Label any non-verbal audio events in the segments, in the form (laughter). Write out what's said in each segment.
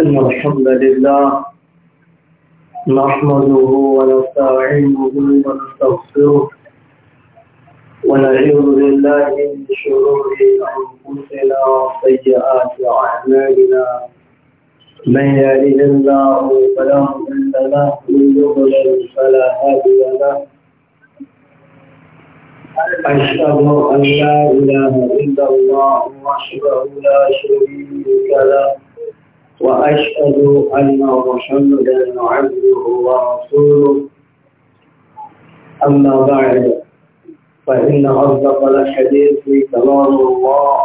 إن الحمد لله نحمده ونستعينه ونستغفره ونعوذ بالله من شرور أنفسنا وسيئات أعمالنا من يهده الله فلا مضل له من يضلل فلا هادي له أشهد أن لا إله إلا الله وحده لا شريك له وأشهد أن محمدا عبده ورسوله أما بعد فإن أصدق الحديث كلام الله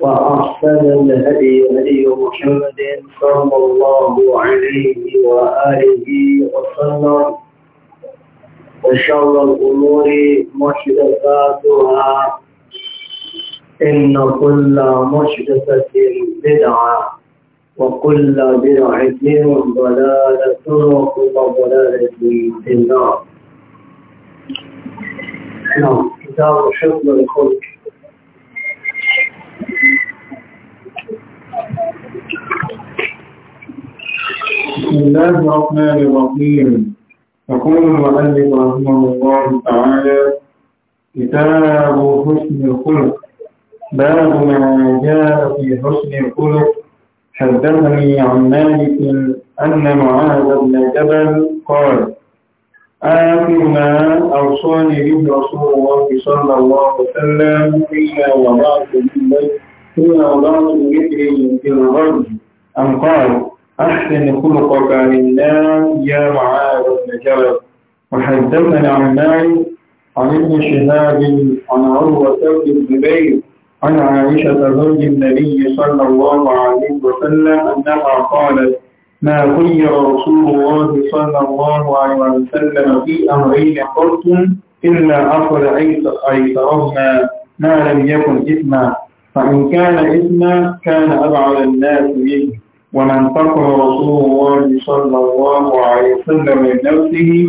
وأحسن الهدي هدي محمد صلى الله عليه وآله وسلم وشر الأمور محدثاتها إن كل محدثة بدعة وكل بدعة ضلالة وكل ضلالة في النار. نعم كتاب حفظ الخلق بسم الله الرحمن الرحيم يقول المؤلف رحمه الله تعالى كتاب حسن الخلق باب ما جاء في حسن الخلق حدثني عن مالك أن معاذ بن جبل قال آخر ما أوصاني به رسول الله صلى الله عليه وسلم فيما وضعت من فيما وضعت يدري في الغرب أن قال أحسن خلقك للناس يا معاذ بن جبل وحدثني عن مالك عن ابن شهاب عن عروة بن الزبير عن عائشة زوج النبي صلى الله عليه وسلم أنها قالت ما خير رسول الله صلى الله عليه وسلم في أمرين قط إلا أخذ أيسرهما ما لم يكن إثما فإن كان إثما كان أبعد الناس منه ومن فقر رسول الله صلى الله عليه وسلم من نفسه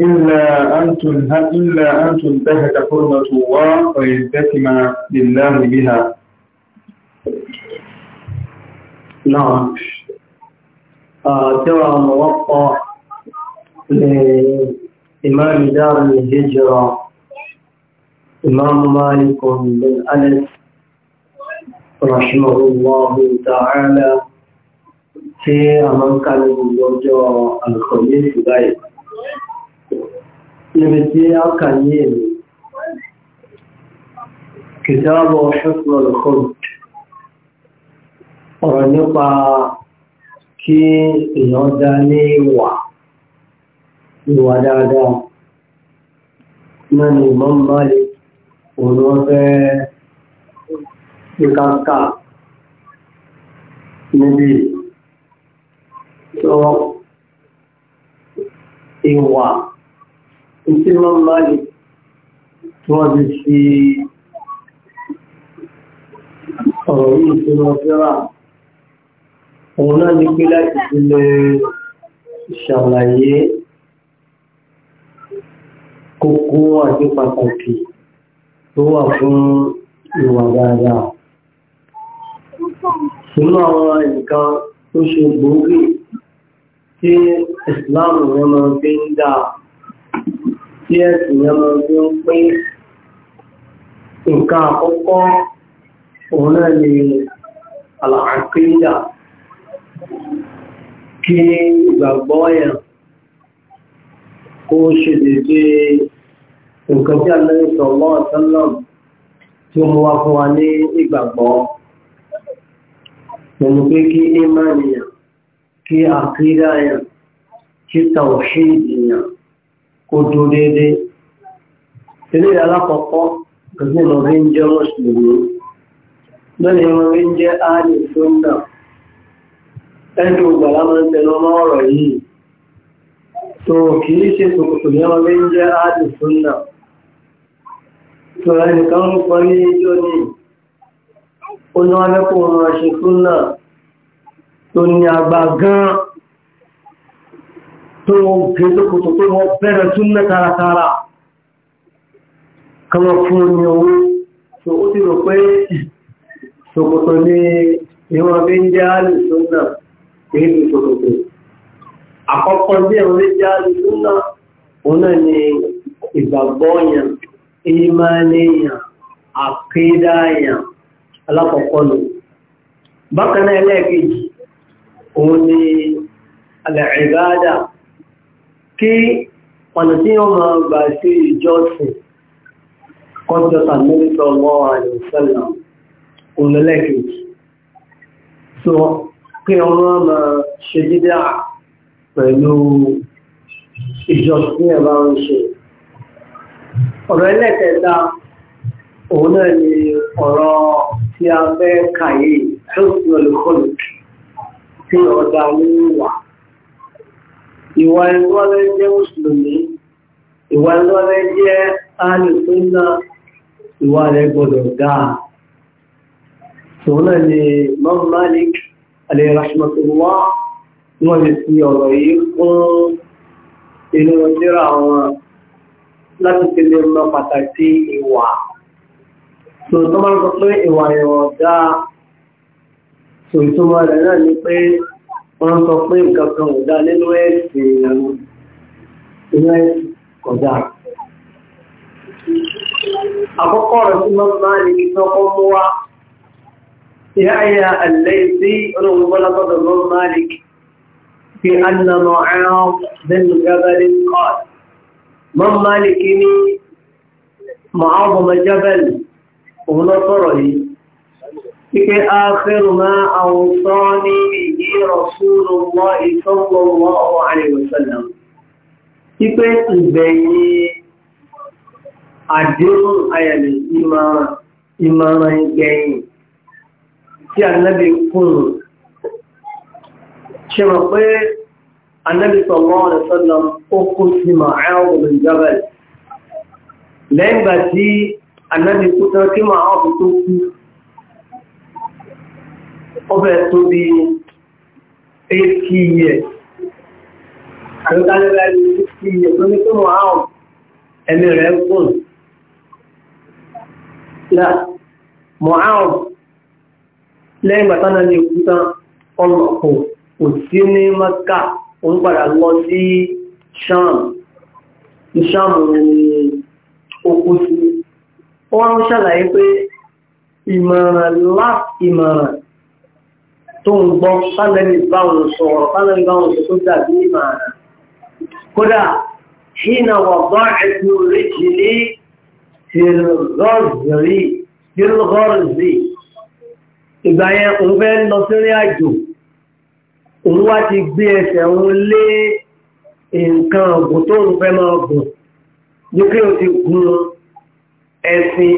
إلا أن تنهك إلا أن تنتهك حرمة الله ويلتكم لله بها نعم آه، ترى موقع لإمام دار الهجرة إمام مالك بن أنس رحمه الله تعالى في أمام كان الخميس دائما níbi tí a kà ní èmì kìtàbọ̀ ṣùgbọ́n lọ́kọ̀ọ̀dù ọ̀rọ̀ nípa kí èèyàn dá ní ìwà ìwà dáadáa náà ni Imam Malik òun wọ́n fẹ́ ìkàkà níbi tó ìwà ìsinmi ńlá yìí tí wọ́n ti fi ọ̀rọ̀ yìí tí wọ́n fẹ́ra òun náà ní pé láti fi lè ṣàlàyé kókó àti pàtàkì tó wà fún ìwà dáadáa. Sínú àwọn nǹkan tó ṣe gbòógì tí ìsìláàmù wọn máa fi ń dáa tí ẹ̀sìn yẹn mọ̀ bí ó pé nǹkan àkọ́kọ́ òun náà ni àlàáfíà kí ìgbàgbọ́ yẹn kó ṣe dédé nǹkan tí àlẹ́ ìsọ̀lọ́ ọ̀tọ́lọ́ tí ó mú wá fún wa ní ìgbàgbọ́ pẹ̀lú pé kí ìmánìyàn kí àkídà yẹn kí tàwọ̀ṣì ìdìyàn kó dúró déédéé ilé alákọ̀ọ́kọ́ gbogbo ọmọ ń jẹ́ mùsùlùmí lónìí ọmọ ń jẹ́ áàlì sọ́nà ẹ̀dùn gbàlá máa ń tẹnu ọmọ ọ̀rọ̀ yìí tó kì í ṣe kòkòtò ní ọmọ ń jẹ́ áàlì sọ́nà tó ẹnìkan ń pọn ní ijó ní oníwájú kò máa ṣe sọ́nà tó ní àgbà gan-an tó wọ́n gẹ́ lókòtò tó wọ́n bẹ̀rẹ̀ tún mẹ́ tààràtààrà kọmọ fún ní owó tó ó ti rò pé ṣòkòtò ní ìwọ̀n bí ń jẹ́ àlùsọ́nà èyí ṣòkòtò àkọ́kọ́ bí ẹ̀wọ̀n bí jẹ́ àlùsọ́nà òun náà ni ìgbàgbọ́ yẹn ìmánìyàn àkédáyàn alákọ̀ọ́kọ́ nù bákan náà ẹlẹ́ẹ̀kejì òun ni al-ibada kí ọ̀nà tí wọ́n máa gbà sí ìjọsìn kọ́ńtọ́tà mẹ́rìndínlọ́ mọ́ àìsànlá òlẹ́lẹ́kejì so kí wọ́n máa ṣe dídá pẹ̀lú ìjọsìn ẹ̀bá ń ṣe ọ̀rọ̀ ẹlẹ́kẹta òun náà ni ọ̀rọ̀ tí a fẹ́ kàyé tó sì ọ̀dà ń wà ìwà ìwọ́lẹ̀ jẹ́ mùsùlùmí ìwà ìwọ́lẹ̀ jẹ́ alìsúnná ìwà rẹ̀ gbọdọ̀ dáa ṣùgbọ́n ni Imam Malik alayhi rahmatullah wọ́n lè fi ọ̀rọ̀ yìí fún inú ìlera wọn láti fi lè mọ pàtàkì ìwà tó tó máa ń sọ pé ìwà ìwọ̀n dáa tó ìtumọ̀ rẹ̀ náà ni pé wọ́n sọ pé nǹkan kan ò dá nínú ẹ̀sìn ìlànà inú ẹ̀sìn kọjá. Àkọ́kọ́ rẹ̀ tí wọ́n máa ní kí sọ́kọ́ mú wá. Ìyáyà àlẹ́sí olóògùn bọ́lá sọ́dọ̀ lọ́ máa ní kí fi ànàmọ̀ ẹran bẹ́nu gábẹ́lì kọ́ọ̀t. Mọ́n máa ní kí ní Mọ̀háùbọ̀mọ̀ jábẹ́lì òun lọ sọ̀rọ̀ yìí. Ike akhiru ma awsani bihi Rasulullah sallallahu alaihi wasallam. Ipe ìgbẹ̀yìn àdéhùn ayàlẹ̀ ìmọ̀ràn ìgbẹ̀yìn tí Ànábì kùn. Ṣe mọ̀ pé Ànábì sallallahu alaihi wasallam ó kú sí Mu'adh bin Jabal. Lẹ́yìn gbà ọbẹ̀ tó bí 80 years àríkálẹ́lá 60 years ló ní tó mọ̀ áhùn ẹ̀mí rẹ̀ gùn lá mọ̀ áhùn lẹ́yìn bàtánà ní òkúta ọlọ́kùn kò sí ní maka òun padà lọ sí sham sham okú sí wọ́n ṣàlàyé pé ìmọ̀ràn láti ìmọ̀ràn tó ń gbọ́ fámẹ́lì báwọn sọ̀rọ̀ fámẹ́lì báwọn sọ tó dàbí ìmàrà kódà ṣínà wà bá ẹ̀kú ríjìlé tìrọ̀zì ìgbà yẹn òun fẹ́ lọ sírí àjò òun wá ti gbé ẹsẹ̀ òun lé nǹkan ọ̀gùn tó ń fẹ́ máa gùn ní kí o ti gun ẹṣin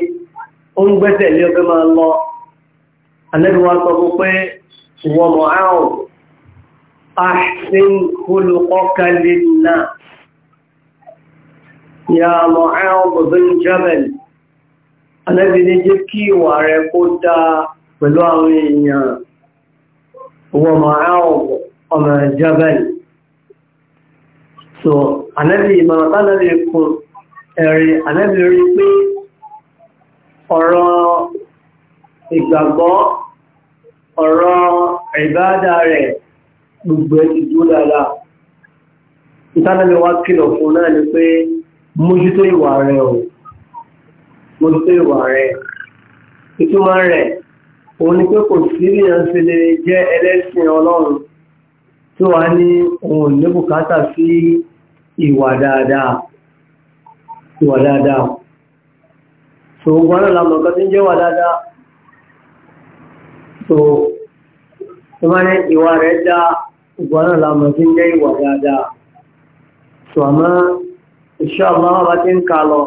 ó gbẹ́sẹ̀ lé ọgbẹ́ máa lọ alẹ́bí wa sọ fún pé ṣùgbọ́n mọ̀ áhùn ahsin khuluqaka lin-nas ya Mu'adh bin Jabal Ànábì ní jẹ́ kí ìwà rẹ̀ kó dáa pẹ̀lú àwọn èèyàn wọ́n Mu'adh ọmọ Jabal so Ànábì ìmọ̀lọ́tà Ànábì kún ẹ̀rí Ànábì rí pé ọ̀rọ̀ ìgbàgbọ́ ọ̀rọ̀ ìbáadà rẹ̀ gbogbo ẹ̀ ti dúró dáadáa ìtànàmì wá kìlọ̀ fún náà ni pé mójútó ìwà rẹ̀ o mójútó ìwà rẹ̀ ìtumọ̀ rẹ̀ òun ni pé kò sí èèyàn ṣe lè jẹ́ ẹlẹ́sìn ọlọ́run tó wà ní òun ní bùkátà sí ìwà dáadáa ìwà dáadáa so gbọ́nà làmọ̀kan tí ń jẹ́ wà dáadáa tó bá ní ìwà rẹ̀ dá ìgbà náà lámọ̀ tí ń jẹ́ ìwà dáadáa tó àmọ́ iṣẹ́ ọmọ bá ti ń ka lọ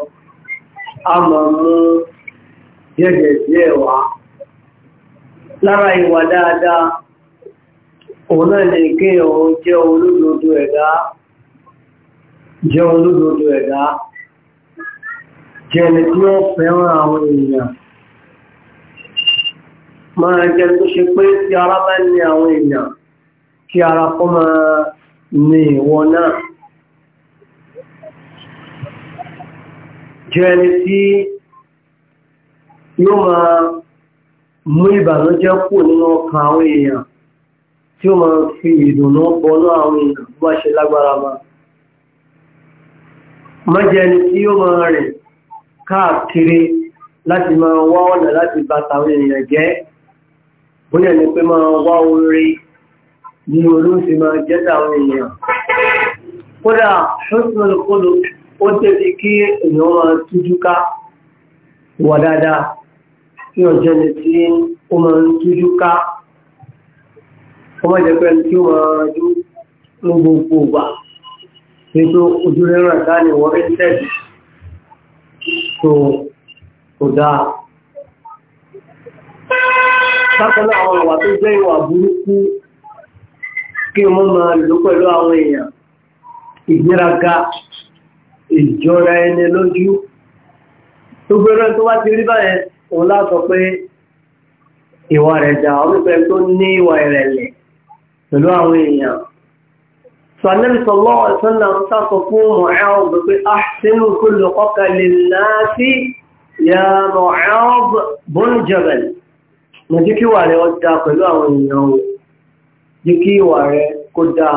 a mọ̀ mú jẹ́jẹ̀ díẹ̀ wá lára ìwà dáadáa òun náà lè kéèyàn jẹ́ olódodo ẹ̀dá jẹ́ olódodo ẹ̀dá jẹ́ ẹni tí ó fẹ́ràn àwọn èèyàn máa jẹ́ tó ṣe pé tí ara bá ní àwọn èèyàn kí ara kọ́ máa ní ìwọ náà jẹ́ ẹni tí yóò máa mú ìbànújẹ́ kù nínú ọkàn àwọn èèyàn tí ó máa fi ìdùnnú bọnú àwọn èèyàn tó bá ṣe lágbára bá má jẹ́ ẹni tí yóò máa rìn káàkiri láti máa wá ọ̀nà láti bá tàwọn èèyàn jẹ́ bóyá ni pé máa wá orí ní olóòsì máa jẹ́ta àwọn èèyàn kódà ṣọ́sùn olùkọ́lù ó tẹ́lẹ̀ kí èèyàn máa tújú ká wà dáadáa tí ọjọ́ ni tí ó máa ń tújú ká ọmọ ìjẹ́pẹ́ tí ó máa rájú ní gbogbo ìgbà ní tó ojú rẹ̀ rà dáa ni wọ́n fi ń tẹ̀lé kò dáa bákan àwọn ìwà tó jẹ́ ìwà burúkú kí wọ́n máa lò pẹ̀lú àwọn èèyàn ìgbéraga ìjọra ẹni lójú tó gbéra tó bá ti rí báyẹn òun láàtọ̀ pé ìwà rẹ̀ dà ọ́nùfẹ́ tó ní ìwà ìrẹ̀lẹ̀ pẹ̀lú àwọn èèyàn فالنبي صلى الله عليه وسلم بأحسن كل قتل الناس يا معاذ بن جبل mo jẹ́ kí ìwà rẹ̀ ó dáa pẹ̀lú àwọn èèyàn o jẹ́ kí ìwà rẹ̀ kó dáa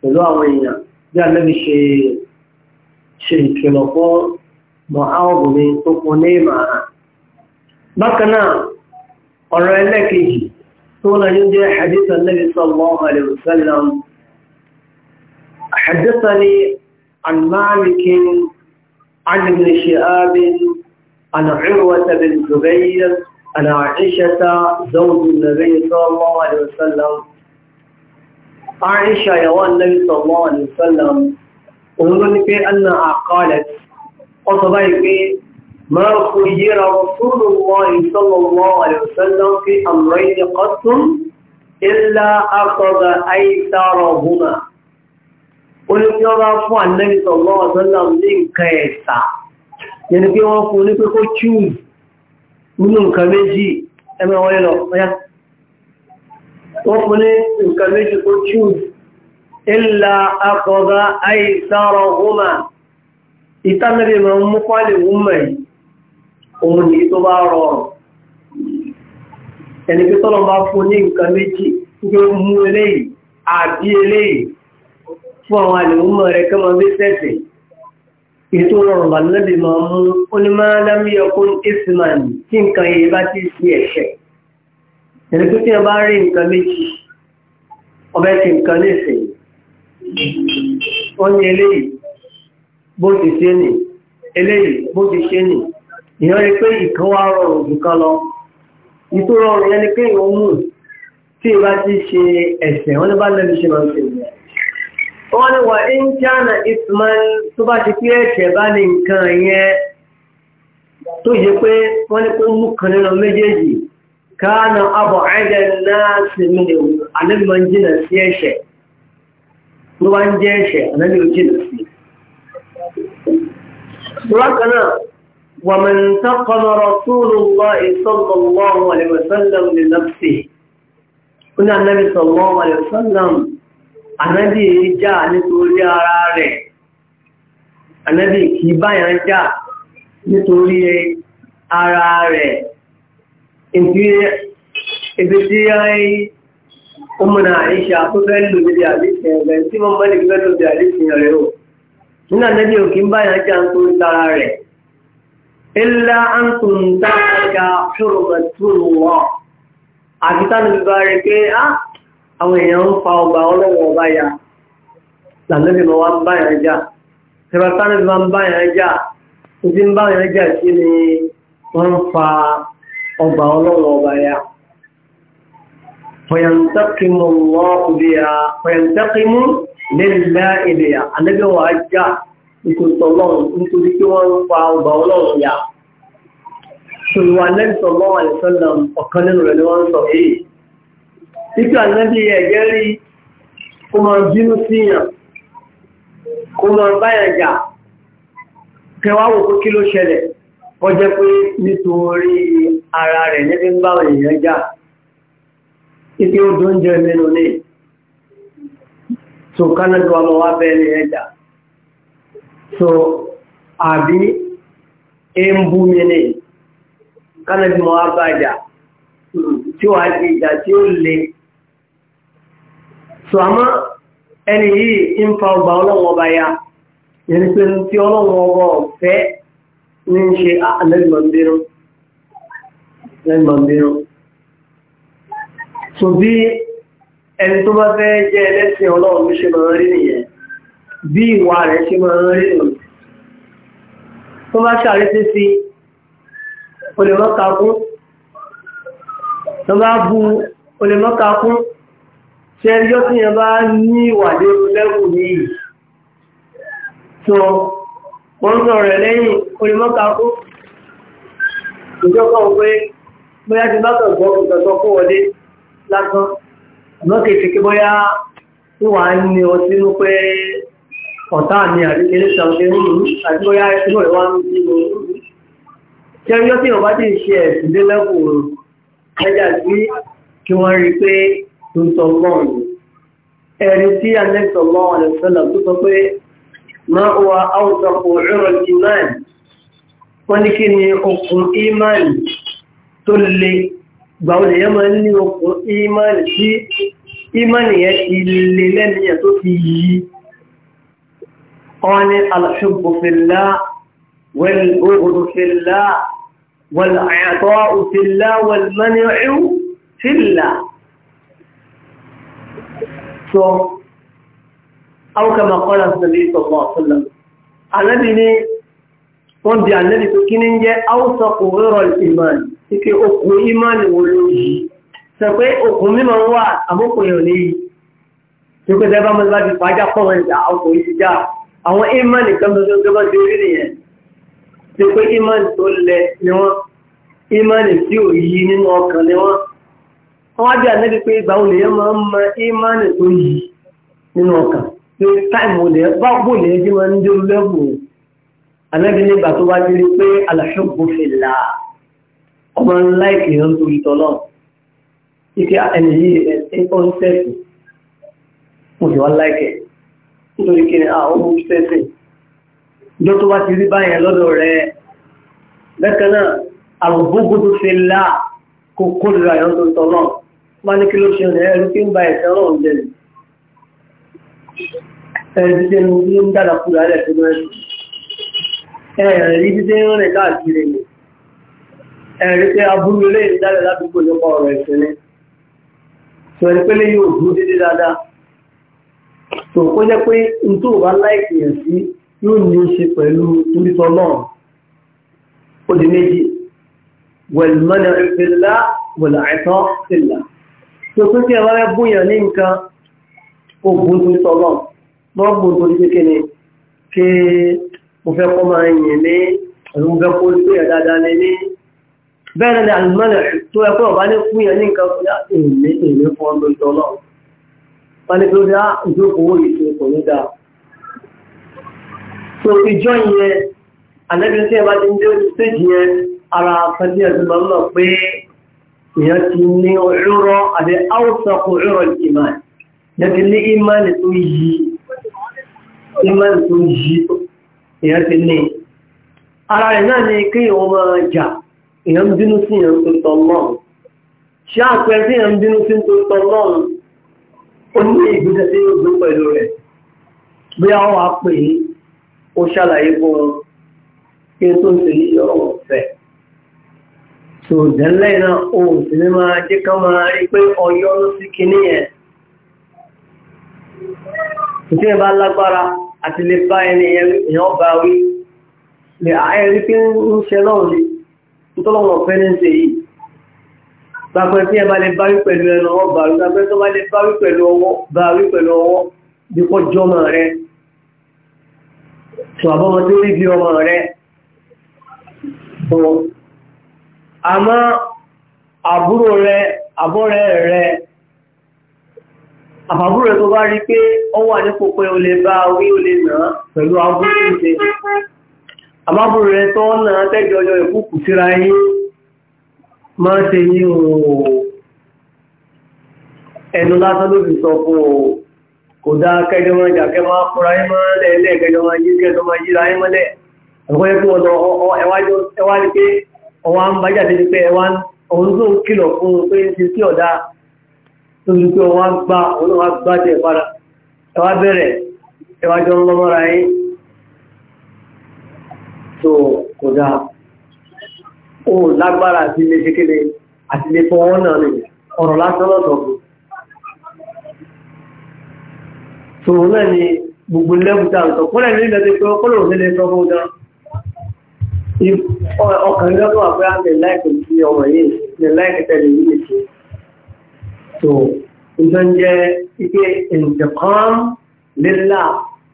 pẹ̀lú àwọn èèyàn bí alẹ́bí ṣe ṣe ìkìlọ̀ fún mọ̀háwọ̀bùnrin tó kún ní ìmọ̀ràn bákan náà ọ̀rọ̀ ẹlẹ́kejì tó náà ní jẹ́ hadith alẹ́bí sallallahu alaihi wasallam حدثني عن مالك عن ابن شهاب عن عروة بن زبير عن عائشة زوج النبي صلى الله عليه وسلم عائشة يوان النبي صلى الله عليه وسلم ومن في أنها قالت وصبيك ما خير رسول الله صلى الله عليه وسلم في أمرين قط إلا أخذ أيسرهما olùkíọ́rọ̀ fún ànẹ́bìtọ̀ lọ́wọ́ sọ́lọ́m ní nǹkan ẹ̀sà yẹni pé wọ́n fún ní pé kó choose nínú nǹkan méjì ẹgbẹ́ wọlé lọ ọ̀yá wọ́n fún ní nǹkan méjì tó choose ilá akọ̀gá àìsára ọmọ ìtànàbí ma ń mú pálì ọmọ yìí òun ní tó rẹ̀ kẹ́mọ́ bí sẹ́sẹ̀ ètò rọrùn bá lẹ́bí ma mú onímọ̀ lámíyọkún isman tí nǹkan yìí bá ti sí ẹ̀ṣẹ̀ ẹni tó tí wọ́n bá rí nǹkan méjì ọbẹ̀ tí nǹkan lè fẹ̀ wọ́n ní eléyìí bó ti ṣe nì eléyìí bó ti ṣe nì ìyọ́n rí pé ìkan wá rọrùn jù lọ ètò rọrùn yẹn ni pé ìwọ̀n mú tí ìbá ti ṣe ẹ̀ṣẹ̀ wọ́n ní bá lẹ́bí ṣe máa ń ṣe wọ́n ní wà ń jánà ismail tó bá ti pé ẹ̀kẹ́ bá ní nǹkan yẹn tó yẹ pé wọ́n ní pé ó mú kan nínú méjèèjì káàna abọ̀ ẹ̀dẹ̀ náà sí mi ní òun ànábì máa ń jìnà sí ẹ̀ṣẹ̀ ló bá ń jẹ́ ẹ̀ṣẹ̀ ànábì ó jìnà sí. bákan náà wà mí ń tọ́kọ̀nà rasulullahi sallallahu alaihi wasallam li nafsihi ó ní ànábì sallallahu alaihi Ànábì jà nítorí ara rẹ̀. Ànábì kì í báyàn jà nítorí ara rẹ̀. Ibi tí ó múna àìṣà tó fẹ́ lò níbi àdíṣẹ́ rẹ̀ tí wọ́n mọ́lẹ̀ fẹ́ lò níbi àdíṣẹ́ rẹ̀ o. Nínú Ànábì ò kì í báyàn jà nítorí ara rẹ̀. Ilá ń tún dáadáa ṣòro mẹ́tún wọ́n. bá rẹ̀ pé, ah, àwọn èèyàn ń fa ọba ọlọ́wọ́ ọba ya lànàbí ma wá ń bá yàn já tẹ̀rọ tánàbí ma ń bá yàn já tó ti ń bá yàn já sí ni wọ́n ń fa ọba ọlọ́wọ́ ọba ya fọyàntákìmù wọ́n òbí ya fọyàntákìmù lẹ́lẹ́lá èdè ya ànàbí wọ́n á já nítorí ọlọ́run nítorí pé wọ́n ń fa ọba ọlọ́run ya sọ̀rọ̀ ànàbí sọ̀rọ̀ àwọn àlẹ́sọ̀lọ̀ ọ̀kan nínú rẹ̀ ni wọ́n ń sọ èyí Títí ànábì ẹ̀gẹ́ rí kó máa bínú síyàn, kó máa báyàn jà, kẹwàá wò pé kí ló ṣẹlẹ̀, wọ́n jẹ́ pé nítorí ara rẹ̀ níbi ń bá èèyàn já Ibi ó dún jẹ mẹ́nu ní. So, Kánàdù ọmọ wa bẹ́ẹ̀ ni ẹja. So, àbí ń bú mi ní. Kánàdù ọmọ wa bàjá. Hmm, tí wàá di ìjà tí ó le so àmọ́ ẹni yìí ń fa ọgbà ọlọ́wọ́ ọba ya yẹni pé tí ọlọ́wọ́ ọba ọ̀fẹ́ ní ń ṣe alẹ́gbọ̀nbẹ̀rún ah, lẹ́gbọ̀nbẹ̀rún so bí ẹni tó bá fẹ́ jẹ́ ẹlẹ́sìn ọlọ́run ló ṣe máa rí nìyẹn bí ìwà rẹ̀ ṣe máa rí nìyẹn bu olè mọ́ka ṣe ẹjọ́ tí yẹn bá ní ìwàdé lẹ́kù ní yìí tó wọ́n sọ rẹ̀ lẹ́yìn onímọ́ka kú ìjọba òwe bóyá ti bá kọ̀ọ̀gbọ́ ìtọ̀tọ̀ kó wọlé lásán àmọ́ kìí ṣe bóyá wíwà ní ọ sínú pé ọ̀tá mi àríkèrè ṣàwọn ẹ̀rùn àti bóyá inú tó ń sọ lọ́rùn ẹ̀rí tí anẹ́sọ̀ lọ́wọ́ àlẹ́sọ̀lá tó sọ pé máa wà áwùsọ̀ kò rírọ̀ ìmáàlì wọ́n ní kí ni okùn ìmáàlì tó le gbà ó lè yẹ́ máa ní okùn ìmáàlì tí ìmáàlì yẹn ti le sọ àwọ́kàmà kọ́lá sọ̀rọ̀ ìsọ̀pọ̀ ọ̀sọ̀lọ̀ anábì ni wọ́n bí anábì tó kí ní jẹ́ áwùsọ̀ òwúrọ̀ ìmánì ike okùn ìmánì wò ló yìí sọ pé okùn mímọ̀ ń wà àmókò èèyàn ní yìí tó pé dẹ́bà mọ́ bá ti fàájà pọ̀ wọn ìjà ọkọ̀ yìí ti já àwọn ìmánì kan tó tí ò wọ́n á bí ànẹ́bí pé ìgbà olè yẹn máa ń mọ ìmánì tó yí nínú ọkàn pé táìmù olè báwo lè yẹn máa ń dé lẹ́bù ànẹ́bí nígbà tó wá dé rí pé al-hubbu fillah ọmọ ńlá ìkìyàn tó yí tọ́lọ́ ike ẹni yìí ẹ ó ń sẹ́sìn mo sì wá láìkẹ̀ nítorí kí ni àwọn ọmọ sẹ́sìn ìjọ tó wá ti rí báyẹn lọ́dọ̀ rẹ̀ bẹ́ẹ̀ kan náà al-bughdhu fillah kó kó lè ra ìrántó tọ́lọ́ máa ní kí ló ṣe rẹ̀ ẹ̀rù kí ń ba ẹ̀sẹ̀ ọ̀rọ̀ jẹ́ rẹ̀ ẹ̀rù tí ṣe ń dára kúrò alẹ́ tó mẹ́rin ẹ̀rù tí ṣe ń rìn káàkiri ni ẹ̀rù ni sọ ẹni pé lè yóò dúró dédé dáadáa tó kó jẹ́ pé n tó bá láìpẹ́ yẹn sí yóò ní í ṣe pẹ̀lú torítọ́ tó tún tí ẹ̀wọ́n rẹ̀ búyàn ní nǹkan ogun tó sọ́lọ̀ lọ́gbùn tó dípé kí ni kí mo fẹ́ kọ́ máa yìn ní ẹ̀rùn fẹ́ kó sí ẹ̀ dáadáa lé ní bẹ́ẹ̀ ni àlùmọ́lẹ̀ tó ẹ̀kọ́ ọ̀bá ní fúyàn ní nǹkan fún èmi èmi fún ọdún sọ́lọ̀ wọ́n èèyàn ti ní ọ̀rọ̀ àti áwùsọ̀kù ọ̀rọ̀ ìmáà èèyàn ti ní ìmáàlì tó yí ìmáàlì tó yí èèyàn ti ní ara rẹ̀ náà ni kí ìwọ̀n máa jà èèyàn ń bínú sí èèyàn tó tọ̀ lọ́rùn ṣé àpẹẹrẹ tí èèyàn bínú sí tó tọ̀ lọ́rùn ó ní ìgbésẹ̀ tí yóò pẹ̀lú rẹ̀ bí àwọn àpè ó ṣàlàyé fún un kí n tó ń ṣe yí ọ̀rọ̀ so ìdẹ́lẹ́ náà o sì ní máa jẹ́ ká máa rí pé ọyọ́ ló sí kinní yẹn tí ẹ bá lágbára àti lè bá ẹni èèyàn bá wí lè àárí pé ń ṣe náà lè tọ́lọ́wọ́ ọ̀fẹ́ ní ṣe yìí gbàgbẹ́ tí ẹ bá lè bá wí pẹ̀lú ẹnu ọwọ́ bá wí gbàgbẹ́ tó àmọ́ àbúrò rẹ àbọ́rẹ́ rẹ àbàbúrò rẹ tó bá rí pé ó wà ní pópẹ́ o lè bá wí o lè nà pẹ̀lú àbúrò ṣe àbábúrò rẹ tó nà tẹ́jọ yọ ìkúkù síra yín máa ṣe yí ooo ẹnu lásán ló fi sọ fún o kò dá kẹjọ máa jà kẹ máa fúra yín máa lẹ́ẹ̀lẹ́ kẹjọ máa yí kẹjọ máa yíra yín mọ́lẹ̀ ẹ̀kọ́ yẹ kí wọ́n ẹwà ní pé ọwọ́ ń bá jáde pé ẹwọ́n òun tó kìlọ̀ fún un pé ti sí ọ̀dá lórí pé ọwọ́ gbá òun wá gbá jẹ padà ẹwà bẹ̀rẹ̀ ẹwà jọ ń lọ́mọ́ra yín tó kò dáa ó lágbára àti ilé kékeré àti ilé fọwọ́ náà lè ọ̀rọ̀ lásán lọ́tọ̀ ni gbogbo lẹ́bùtà ń sọ kọ́lẹ̀ nílẹ̀ tó ọkàn lọ́dún àpẹ́ àmì láìpẹ́ sí ọmọ yìí ní láìpẹ́ tẹ̀lé yìí ṣe so ìjọ ń jẹ́ ike ìjọkan lílà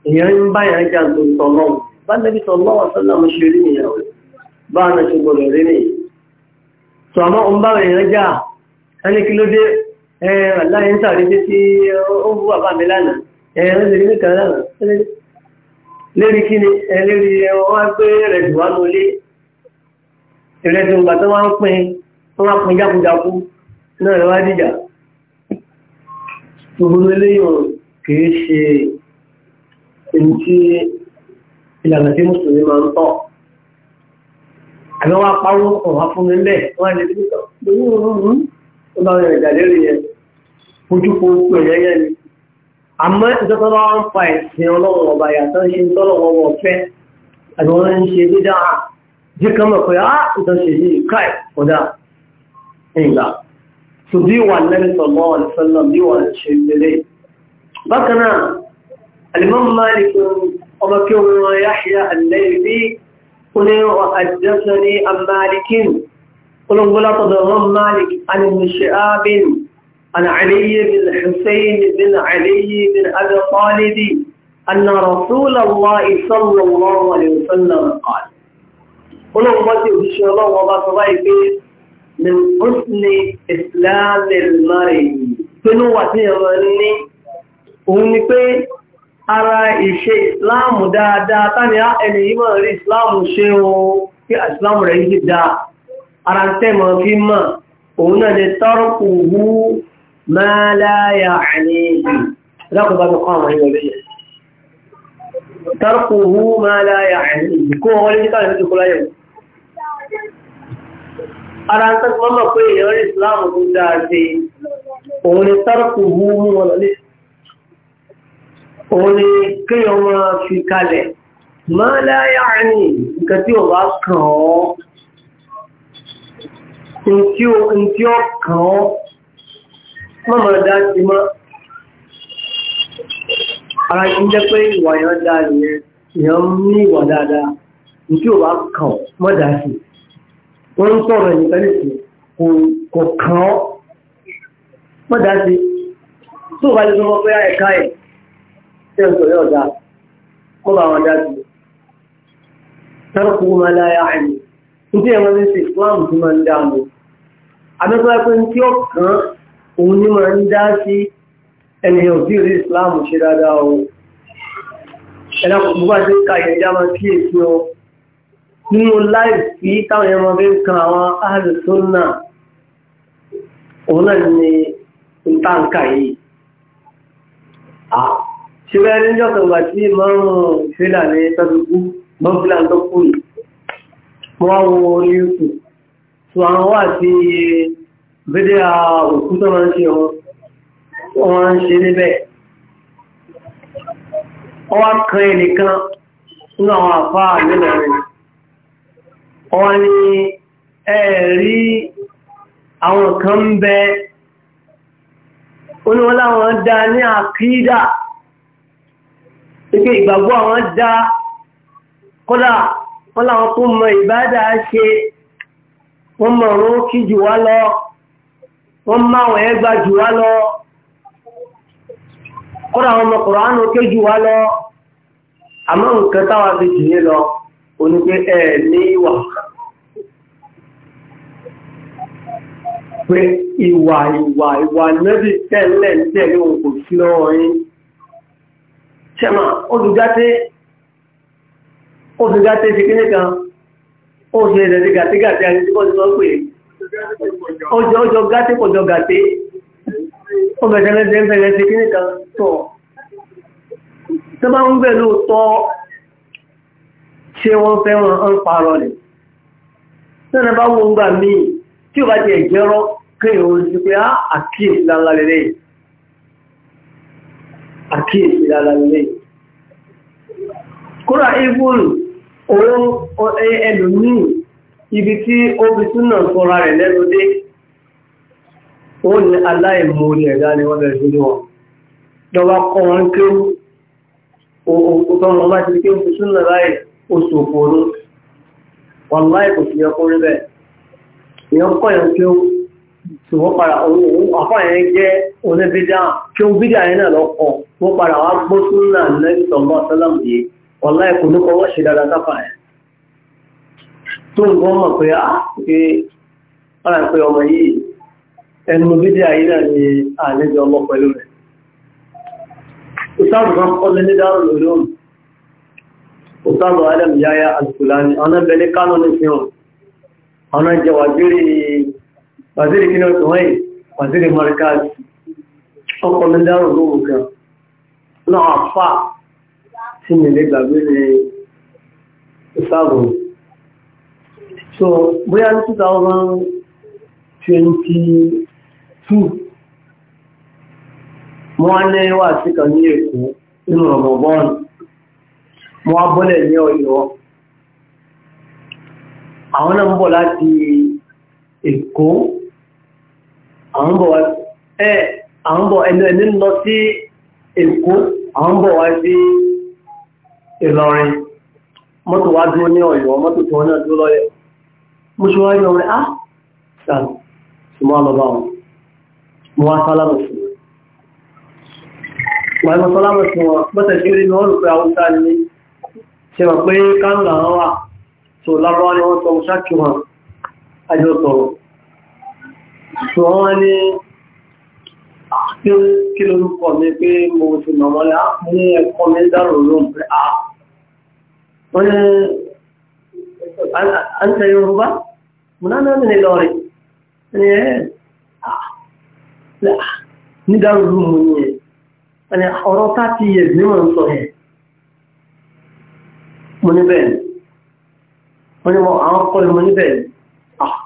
èèyàn ń bá yàn jà tó sọ náà bá nàbí sọ lọ́wọ́ sọ́nà mo ṣe so àmọ́ ń bá èèyàn jà ẹni kí ló dé ẹ aláyé ń sàrí dé sí ó bú bàbá mi lánàá ẹ ẹ ń lánàá lérí kí ni ẹlẹ́rí ẹwọ́n wá gbé rẹ̀dù wá lólé ìrẹ̀dù ìgbà tó wá ń pin tó wá pin jákujáku náà rẹ̀ wá dìjà gbogbo eléyìn kìí ṣe èyí tí ìlànà tí mùsùlùmí máa ń tọ̀ àbí wọ́n apáwọ́ ọ̀hún wá fún mi bẹ́ẹ̀ wọ́n á lè dúró lórí òun bá rẹ̀ dà lérí yẹn ojúkòó pẹ̀lú ẹ̀yẹ́ ni àmọ́ ìtọ́tọ́ bá wọ́n fa ẹ̀sìn ọlọ́run ọba yàtọ̀ ń ṣe ń tọ́lọ̀ wọ́n wọ́n fẹ́ àti wọ́n ń ṣe bí dáa jí kan mọ̀ pé á ah, ìtọ́ṣe sí káì kódà ìgbà tó bí wà lẹ́nu sọ̀mọ́ ọ̀lẹ́fẹ́lọ́ bí wà ṣe lélẹ̀. bákan náà alimọ́mù Malik al-Laythi عن علي بن حسين بن علي بن أبي طالب أن رسول الله صلى الله عليه وسلم قال قلوا ماتي شاء الله وضع صلاحك من حسن إسلام المرء كنوا وتيرني òun ni pé ara ìṣe ìsìláàmù dáadáa tàbí ẹni ìmọ̀ rí ìsìláàmù ṣe ohun kí ìsìláàmù rẹ̀ yìí dáa ara tẹ́mọ̀ fí mọ̀ ما لا يعنيه لقد بقام هنا بيه تركه ما لا يعنيه كو هو اللي كان يقول لا ara ń tẹ́sí mọ́mọ̀ pé èèyàn rí ìsìláàmù tó dáa sí òun ni tárùkù wú mú wọn lọ́lé òun ni kalẹ̀ máa láyà ní nǹkan tí ò bá kàn ọ́ tí ó kàn ọ́ mọ́mọ́ dá ma, mọ́ ara yìí jẹ́ pé ìwà èèyàn dá nìyẹn èèyàn ní ìwà dáadáa nítí ò bá kàn mọ́ dá sí wọ́n ń sọ̀rọ̀ ẹ̀yìn kan nìsí kò kàn ọ́ mọ́ dá sí tó bá lè sọ mọ́ pé ẹ̀ka ẹ̀ tẹ́ ń sọ yóò dá bá wọn sí máa nítí ẹ̀wọ̀n ní sí Islam máa ń mọ́ ní tí ó kàn án òun ní máa ń dá sí ẹnìyàn òbí rí Islam ṣe dáadáa o ẹ̀dá kò bá ṣe ń ka ìyẹ̀dá máa kíyèsí o nínú láìsí táwọn ẹ̀rọ fi ń kan àwọn àrùsọ́nà òun náà ni ń tàǹkà yìí ṣíbẹ̀ níjọ́ kọ̀gbà tí márùn-ún ìfẹ́lá ní tọ́dúkú mọ́fílà tó kú yìí wọ́n wo orí Bédé a òkú tó máa ń ṣe wọ́n ń ṣe níbẹ̀. Wọ́n wá kan ẹnìkan nínú àwọn àfáà nílẹ̀ rẹ̀. Wọ́n ní ẹ̀rí àwọn kan ń bẹ oníwọ́n láwọn dá ní àkídà. Ike ìgbàgbọ́ àwọn dá kódà wọ́n láwọn tó mọ ìbádà ṣe wọ́n mọ̀ ọ̀rún wá lọ wọ́n máa wọ̀n ẹ́ gbà jù wá lọ kọ́ra àwọn ọmọ Kùránì ké jù wá lọ àmọ́ nǹkan táwa fi jù yín lọ òní pé ẹ ní ìwà pé ìwà ìwà ìwà nẹ́bí tẹ́lẹ̀ ń tẹ̀lé sí lọ́wọ́ yín ṣẹ́mà olùdáté fi kíní ó ṣe ìrẹ̀lẹ̀ gàtígàtí àti tí wọ́n ti sọ pé ọjọ́ ọjọ́ gáté pọ̀jọ́ gàté ó bẹ̀rẹ̀ lẹ́sẹ̀ ń bẹ̀rẹ̀ sí kíní kan tọ̀ tó bá ń bẹ̀ lóòótọ́ ṣé wọ́n fẹ́ wọn ń parọ́ rẹ̀ tọ́nà bá wọ́n gbà míì tí ó bá ti ẹ̀jẹ̀rọ kéèyàn ó sì pé á àkíyèsí lálá lélẹ̀ àkíyèsí lálá òun ẹlòmíì ibi tí ó fi túnà sọ́ra rẹ̀ lẹ́nu ó ní aláìmoore ẹ̀dá ni wọ́n bẹ̀rẹ̀ sórí wọn lọ́wọ́ kọ́ wọn ń kéwú òtọ́run ọba ti ké fi túnà láì oṣù òfòró wọn láì kò sí ẹkún rí bẹ́ẹ̀ èèyàn kọ́ yẹn kéwú ṣùgbọ́n para òun àfáàyàn jẹ́ oníbídà kéwú bídà yẹn náà lọ́kọ̀ wọ́n para wá gbó túnà lẹ́yìn tọ́gbọ́n tó ń gbọ́mọ̀ pé á ah, pé ọ̀rà pé ọmọ yìí ẹnu bídí àyílẹ̀ ni àlejò ọmọ pẹ̀lú rẹ̀. Òsáàbù kan kọ́ lé ní dárò lórí òun. Òsáàbù Al-Kulani, ọ̀nà bẹ ní Kánò ní fi hàn. Ọ̀nà jẹ wàzírí wàzírí kí ni oṣù wọ́n yìí, wàzírí Markaz. Ọkọ̀ ní dárò so bóyá ya 2022 wọ́n ní wà sí kan ní èkó nínú ọ̀gbọ̀n wọ́n bọ́lẹ̀ ní ọ̀yọ́ àwọn náà ń láti èkó àwọn bọ̀ ẹnu ẹni lọ sí èkó àwọn bọ̀ wá sí ìlọrin mọ́tò wá dúró ní ọ̀yọ́ mọ́tò tí wọ́n náà mo ṣe wáyé ọ̀rẹ́ á ṣàlù ṣùgbọ́n àlọ́bà wọn mo wá sálámù sí wọn wáyé mo sálámù sí wọn bọ́tẹ̀ tí ó rí mi wọ́n rò pé haúsá ni ṣe mọ̀ pé kánú làwọn wà ni wọ́n sọ mo ṣáàkì wọn àjọ sọ̀rọ̀ ṣùgbọ́n wọn pé mo wọ́n ní àǹtẹ̀ mùnánà mi ní lọ́ọ̀rì ẹni ẹ̀ eh, ah, ní dárúdú mu ní ẹ̀ ẹni ọ̀rọ̀ thirty years ní mò ń sọ ẹ̀ mo ní bẹ́ẹ̀ mo ní àwọn kọ́lé mo ní bẹ́ẹ̀ ah,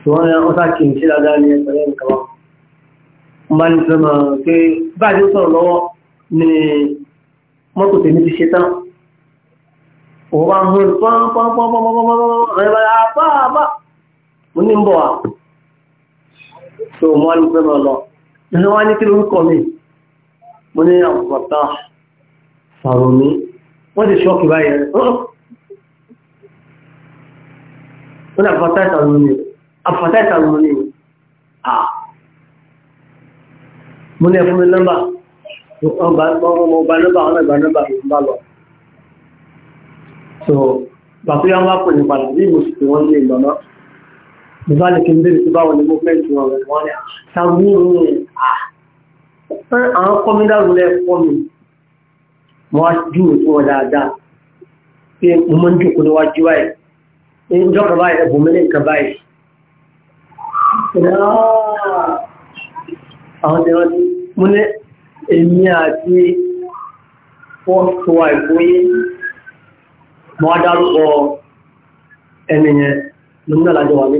ṣùgbọ́n ẹ̀ eh, ọ́sà kì í ṣe dáadáa ní ẹ̀sọ́ yẹn kàwá mo ní fẹ́ mọ̀ pé báyìí ó sọ̀rọ̀ ni mọ́tò tèmi òwà ń hó pọ́npọ́npọ́npọ́npọ́npọ́npọ́npọ́npọ́ mo ní ń bọ̀ wá tó mo wá ní pẹ́ mọ́ lọ ẹni wá ní kí lórúkọ mi mo ní àpòpọ̀tà sàròmí wọ́n ti ṣọ́ọ̀kì báyẹn wọ́n ní àpòpọ̀tà sàròmí àpòpọ̀tà sàròmí à mo ní ẹ̀fún mi nọ́mbà ọgbà nọ́mbà ọ̀nà ìgbà nọ́mbà ìgbà lọ so bàtú yá wá pè ní padà bí mo sì pè wọ́n ní ìgbọ̀nà mo bá lè kí n bèrè sí báwọn ní movement wọn rẹ̀ wọ́n ní ṣàbùrù ní àwọn kọ́mídà rúlẹ̀ fọ́ mi mo wá júwèé fún wọn dáadáa pé mo máa ń jòkó níwájú báyìí ìjọ kan báyìí ẹ̀bùn mi ní nǹkan báyìí. Àwọn ti rántí, mo ní èmi àti fọ́ọ̀tù àìkóyé mo wá dárúkọ ẹni yẹn lómìnà lájọ wà ní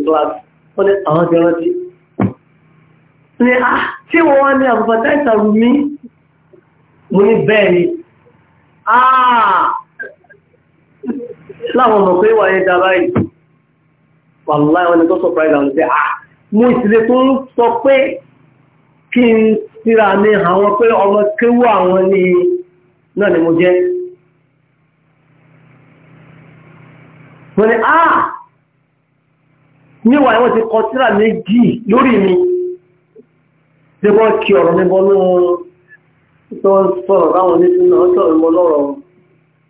kíláàsì wọ́n ní àwọn ti rántí ní à tí wọ́n wá ní àbúfàtáìsà mi mo ní bẹ́ẹ̀ ni àà ah! láwọn ọmọ pé wà ní dábáyì wàlúwà ẹni tó surprise àwọn ìpé àà ah! mo ìsìlẹ̀ tó ń sọ pé kí n síra ní àwọn pé ọmọ kéwú àwọn ní náà ni mo jẹ́ wọ́n ni a ah! níwà wọ́n ti kọ tíra méjì lórí mi tí wọ́n kí ọ̀rọ̀ mi bọ́nú tó ń sọ̀rọ̀ láwọn oníṣẹ́ náà sọ̀rọ̀ mọ́ lọ́rọ̀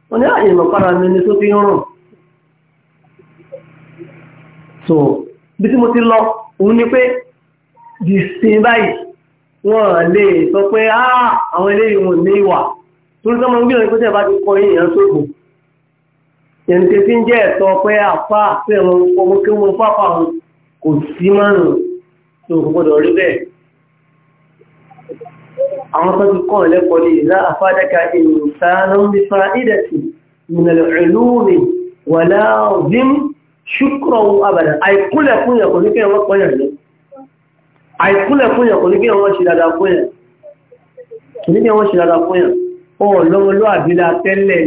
wọ́n ni àyè ah, ìmọ̀kára mi ni tó fi ń rùn so bí tí mo ti lọ òun ni pé di sin báyìí wọ́n lè sọ pé ah, àwọn eléyìí wọn ní ìwà torí sọ́mọ́ ń gbìyànjú pé tẹ̀ bá ti kọ èèyàn sóògùn ẹnìkẹ́ tí ń jẹ́ ẹ̀tọ́ pé àfá fẹ́ràn ọmọ kí wọ́n pápá wọn kò sí márùn tó kò gbọ́dọ̀ rí bẹ́ẹ̀ àwọn tó ti kọ́ ẹ̀lẹ́kọ́ lè lá àfádẹ́ka ènìyàn sáánà ń bí fara ìdẹ̀tì ìmìnàlẹ̀ ìlú mi wà láàrín ṣúkúrọ̀ abàdà àìkúnlẹ̀ fún yàn kò ní kí wọ́n pọ́yàn ní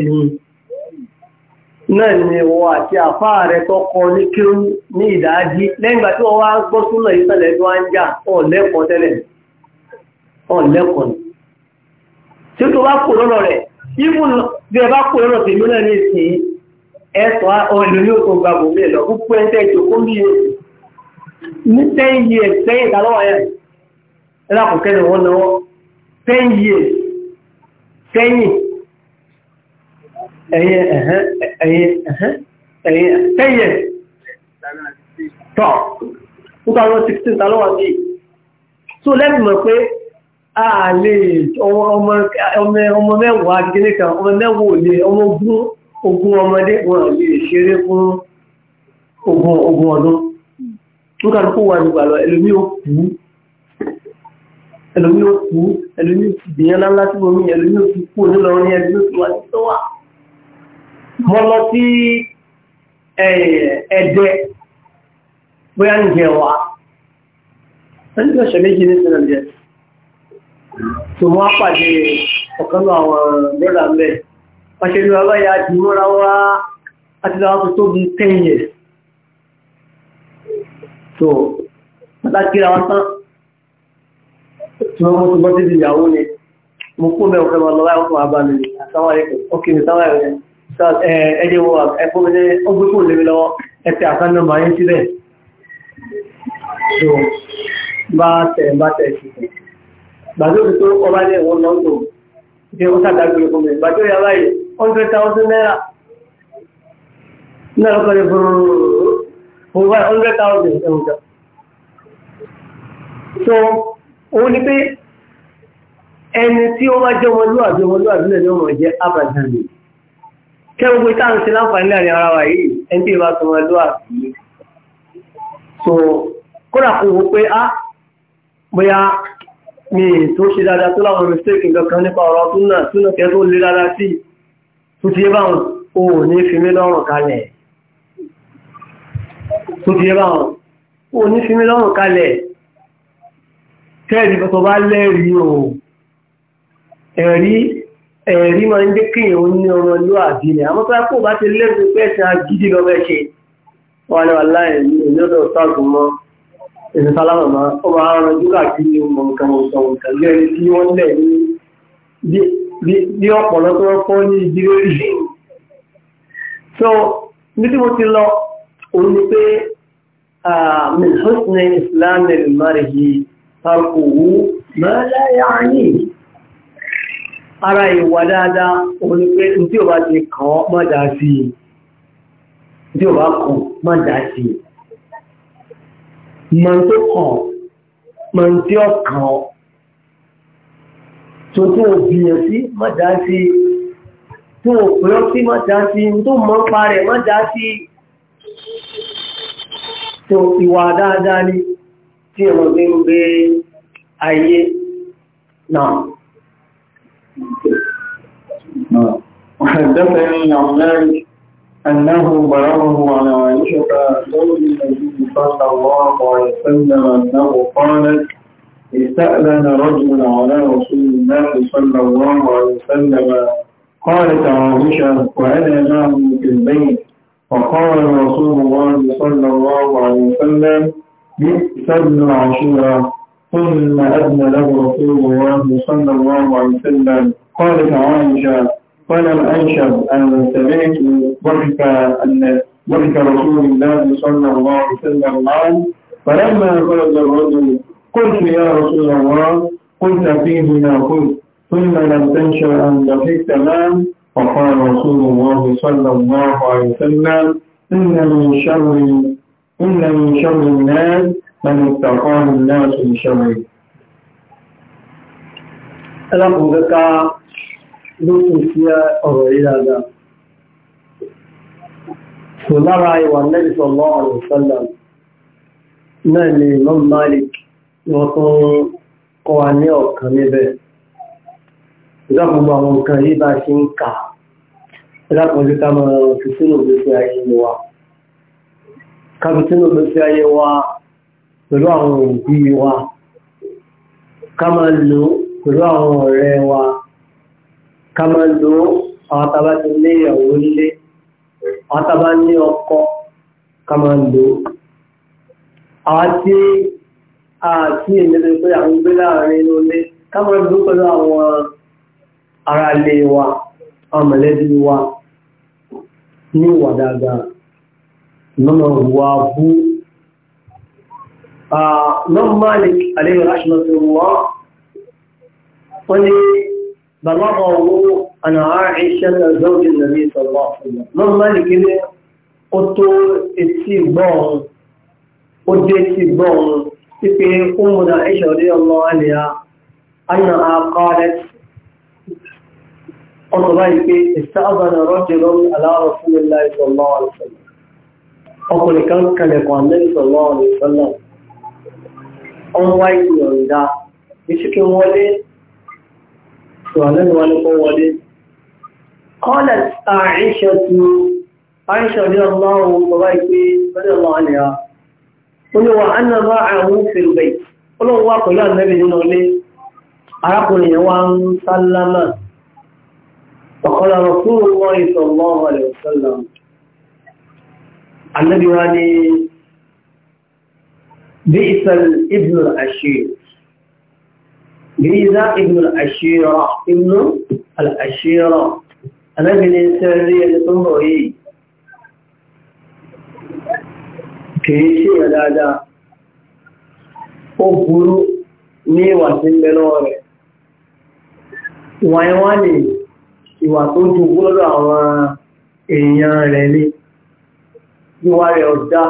náà ni wọ́n àti àfá rẹ̀ tọ́kọ ní kéwú ní ìdájí lẹ́yìngbà tí wọ́n wá gbọ́ súnmọ̀ ìsẹ̀lẹ̀ tó ń jà ọ̀lẹ́kọ̀ọ́ tẹ́lẹ̀ ọ̀lẹ́kọ̀ọ́ ni tí tó bá kò lọ́rọ̀ rẹ̀ even bí ẹ bá kò lọ́rọ̀ tèmi náà ní ìsìn ẹ̀sọ́ ọ̀lẹ́ ní òkun gba bòmí ẹ̀ lọ púpọ̀ ẹ̀ tẹ́ ìjòkó ní ní ten years sẹ́yìn years ẹ̀yẹ ẹ̀hẹ́ ẹ̀yẹ ẹ̀hẹ́ ẹ̀yẹ tẹ́yẹ tọ́ 2016 ta ló wà sí so lẹ́nu mọ̀ pé a lè ọmọ mẹ́wàá gíní kan ọmọ mẹ́wàá òlè ọmọ ogún ogún ọmọdé wọn lè ṣeré fún ogún ogún ọdún nígbàtí kó wà nígbà lọ ẹlòmí ò kú ẹlòmí ò kú ẹlòmí ò kú bìyànlá láti bomi ẹlòmí ò kú kú onílọrin ẹlòmí ò kú wà ní tọ́wà mo lọ sí ẹ̀ẹ́dẹ́ bóyá ń jẹ wá ẹni tó ṣe méjì ní sinimá jẹ tó wọ́n pàdé ọ̀kanú àwọn brọ́dà mẹ́ pàṣẹlú abáyá ti mọ́ra wá àti láwọn tó tó bí tẹ́yẹ̀ tó látàkìrà wọn tán tí wọ́n mú tó bọ́ sí ìyàwó ni mo kó mẹ́ òfẹ́ wọn lọ́wọ́ àwọn ọkùnrin abánilẹ̀ àtàwọn ẹ̀kọ́ ẹjẹ́ wọ ẹgbẹ́ ọgbẹ́kù lèmi lọ ẹ̀tẹ́ àfẹ́nà máa yí sílẹ̀ tó bá tẹ̀ bá tẹ̀ ṣùgbọ́n gbàtí ó ti tó ọba ní ẹ̀wọ̀n náà tó jẹ́ ó sàdágbére fún mi gbàtí ó yà báyìí hundred thousand naira náà lọ́kọ́ ní fún un wá hundred thousand ẹ̀wọ̀n eh, jọ. so òun ni pé ẹni tí ó bá jẹ́ ọmọlúwàbí ọmọlúwàbí náà ni ó mọ̀ kẹwùgbé táà ń ṣe láǹfààní láàrin ara wa yìí ẹni tí ìbá sọmọ ẹlú àti so kódà kò wó pé á ah, bóyá mi tó ṣe dáadáa tó láwọn mistake nǹkan kan nípa ọ̀rọ̀ túnà túnà kẹ́ tó lé dáadáa sí tó ti yé báwọn o ò ní fi mí lọ́rùn kalẹ̀ tó ti yé báwọn o ò ní fi mí lọ́rùn kalẹ̀ tẹ́ẹ̀rí tó bá lẹ́rìí o ẹ̀rí ẹ̀rí máa ń jẹ́ kéèyàn ó ní ọmọ ìlú àbí ni àmọ́ pé kó bá ti lẹ́sùn pé ẹ̀sìn agídí lọ fẹ́ ṣe wà ní wà láì ní ọdọ̀ ṣáàgùn mọ́ èsì sálámà máa ó máa ń ranjú káàkiri ọmọ nǹkan ọ̀sán nǹkan so ní tí mo ti lọ òun ni pé min husni islam el marihi ara ìwà dáadáa òun ni pé tí ò bá ti kàn ọ́ má dá sí i tí ò bá kàn má dá sí i mọ̀ tó kàn mọ̀ tí ó kàn ọ́ tó tó bìyàn sí má dá sí tó pè sí má dá sí tó mọ̀ pa rẹ̀ má dá sí tó ìwà dáadáa ni tí ẹ̀rọ fi ń gbé ayé náà. وحدثني عن مالك أنه بلغه على عائشة زوج النبي صلى الله عليه وسلم أنه قالت استأذن رجل على رسول الله صلى الله عليه وسلم قالت عائشة وأنا معه في البيت فقال رسول الله صلى الله عليه وسلم بئس ابن عشيرة ثم أذن له رسول الله صلى الله عليه وسلم قالت عائشة فلم أنشب أن سمعت ضحك أن ضحك رسول الله صلى الله عليه وسلم قال فلما خرج الرجل قلت يا رسول الله قلت فيه ما قلت ثم لم تنشب أن ضحكت ما فقال رسول الله صلى الله عليه وسلم إن من شر إن من شر الناس من ẹlọ́pùn kẹta ló kù sí ọ̀rọ̀ ìdàdà kò lára ìwà lẹ́bìsọ̀ lọ́rọ̀ sọ́lá náà ni Imam Malik wọ́n tó ń kọ́ wa ní ọ̀kan níbẹ̀ ìdákùnbà àwọn nǹkan yìí bá ṣe ń kà ìdákùnbà kẹta pẹ̀lú àwọn òbí wa ká máa lò ó pẹ̀lú àwọn ọ̀rẹ́ wa ká máa lò ó àwọn tábà ti lé ìyàwó nílé àwọn tábà ní ọkọ ká máa lò ó tí ìlẹ́lẹ́ pé àwọn gbé láàrin inú ilé ká pẹ̀lú àwọn ará ilé wa àwọn mọ̀lẹ́bí wa ní ìwà dáadáa lọ́nà ìwà búrú. Ah, Imam Malik alayhi rahmatullah wọ́n ní bàbá owó àna Aisha zawj an-nabi sallallahu alaihi wasallam. Imam Malik ní ó tó etí gbọ́n ó dé etí gbọ́n pípé Ummuna Aisha radiyallahu anha anna qalat ọ̀rọ̀ báyìí pé ìsáàbàna rọ́jẹ̀rọ̀ aláàrọ̀ fún ilẹ̀ ìsọ̀lọ́ ọ̀rọ̀ ọkùnrin kan kalẹ̀kọ̀ àmì ìsọ̀lọ́ ọ̀rọ̀ ìsọ̀lọ́ ọmọ wá ìgbìyàn ìdá iṣẹ́ kí wọlé ṣùgbọ́n wọlé kó wọlé kọ́lẹ̀ àìṣẹ́ tu àìṣẹ́ ní ọlọ́run bọ́bá ìpé lọ́dẹ̀ ọmọ àlẹ́yà ó ní wà ánà bá àwọn fèrè ọlọ́run wà pẹ̀lú àmẹ́bì nínú ilé arákùnrin yẹn wá ń بئس الابن العشير بئس ابن العشيرة ابن العشيرة أنا من السرية لتنظري كيشي لا لا أبرو ní ìwà tí ń bẹ lọ́wọ́ rẹ̀. Ìwà ẹwà ni ìwà tó ju gbọ́dọ̀ àwọn èèyàn rẹ̀ ní. Ìwà rẹ̀ ọ̀dá